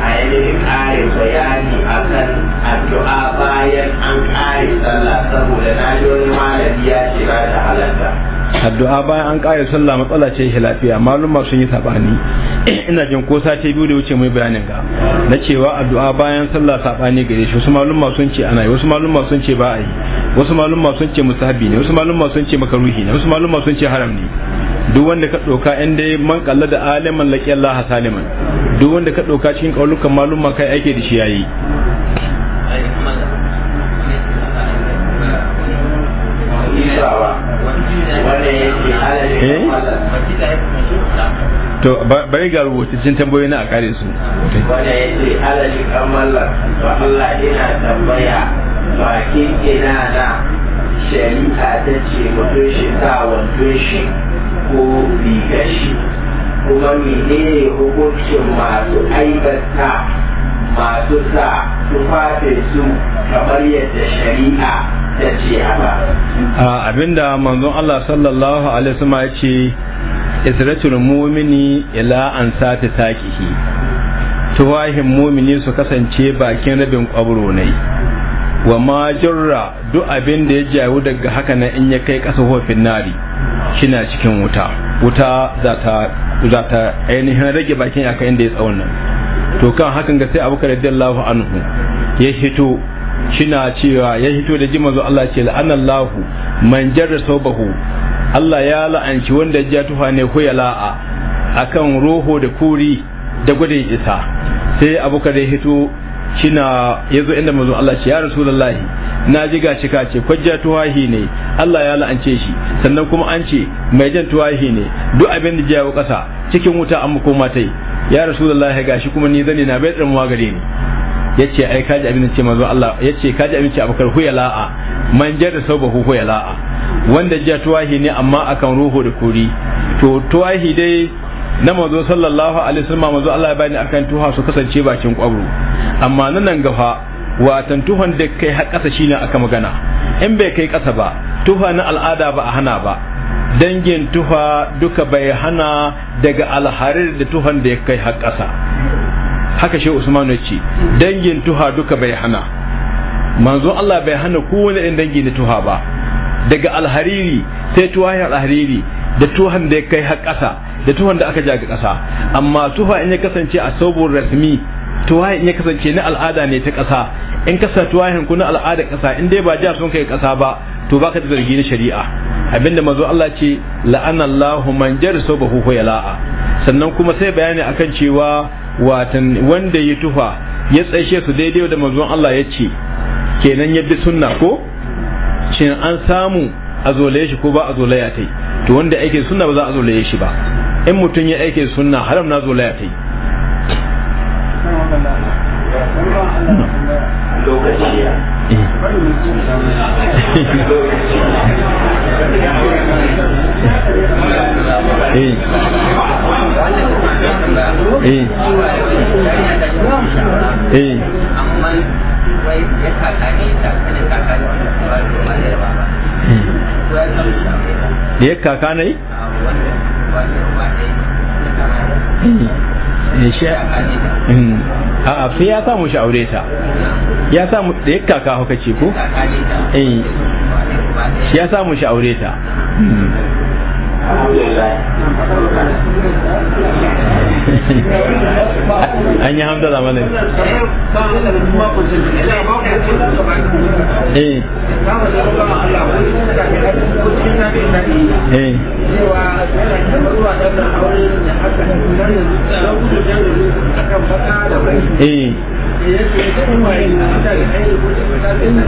a yi mini ƙarin bayani akan addu'a bayan an kare sallah saboda na ji wani malami ya ce ba da halatta addu'a bayan an ƙara sallah matsala ce shi lafiya ma sun yi sabani ina jin ko sati biyu da wuce mai bayanin ga na cewa addu'a bayan sallah sabani gare shi wasu ma sun ce ana yi wasu ma sun ce ba a yi wasu ma sun ce musahabi ne wasu ma sun ce makaruhi ne wasu ma sun ce haram ne duk wanda ka doka in dai man kalla da aliman laƙi Allah saliman duk wanda ka doka cikin malum ma kai aike da shi yayi to bari ga rubutaccen tambayoyi na a kare su wani ya ce alaji kammala ba Allah ina tambaya ba ke ina na shari'a ta ce mutum shi sa wandon shi ko riga shi kuma menene hukuncin masu aibata masu sa tufafin su kamar yadda shari'a ta ce haka abinda manzon Allah sallallahu alaihi wasallam ya ce isratul mumini ila an sati taƙihi tuwahin mumini su kasance bakin rabin kwabro ne wa ma jirra duk abin da ya jawo daga haka na in ya kai kasa hofin nari shina cikin wuta wuta za ta ainihin rage bakin aka inda ya tsawon nan to kan hakan ga sai abubakar radiyallahu anhu ya hito shina cewa ya hito da ji manzo Allah ce la'anallahu man jarra sawbahu Allah ya la'anci wanda ya tufa ne ko ya la'a akan roho da kuri da gudun isa sai abubakar da hito kina yazo inda manzon Allah ce ya rasulullahi na ji ga cika ce kwajja tuwahi ne Allah ya la'ance shi sannan kuma an ce mai jan tuwahi ne duk abin da jawo kasa cikin wuta an muko matai ya rasulullahi gashi kuma ni zane na bai tsamuwa gare ni yace ai kaji abin da ce manzon Allah yace kaji abin ce abakar huya la'a man jar da sauba huya la'a wanda jiya tuwahi ne amma akan ruhu da kori to tuwahi dai na mazo sallallahu alaihi wasallam mazo Allah ya bani akan tuha su kasance bakin kwabro amma nan gafa watan tuhan da kai har kasa shine aka magana in bai kai kasa ba tuha na al'ada ba a hana ba dangin tuha duka bai hana daga alharir da tuhan da ya kai har kasa haka shi Usman ya ce dangin tuha duka bai hana manzo Allah bai hana kowane dangi na tuha ba daga alhariri sai tuwahin alhariri da tuhan da ya kai har ƙasa da tuhan da aka jaga ƙasa amma tuha in ya kasance a sabon rasmi tuha in ya kasance na al'ada ne ta ƙasa in kasa tuwahin ku na al'ada ƙasa in dai ba ja sun kai ƙasa ba to ba ka zargi na shari'a abinda mazo Allah ce la'anallahu man jarra ya la'a sannan kuma sai bayani akan cewa watan wanda ya tuha ya tsaishe su daidai da mazo Allah ya ce kenan yadda sunna ko shin an samu a zolaye shi ko ba a zolaya ta yi to wanda ake sunna ba za a zolaye shi ba in mutum ya aike sunna haram na zolaya ta yi eh eh eh, eh. domin wai ya kaka ne da ya a a ya samu shi aure ta ya samu da ya kaka haka ce ko eh. ya samu shi aure ta hmm. an yi hamdala mana eh, eh. eh.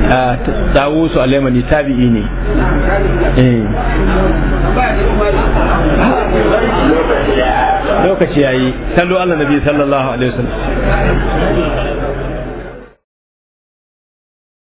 Ah, dawusu alaimani tabi'i ne eh. lokaci yayi sallu nabi sallallahu alaihi wasallam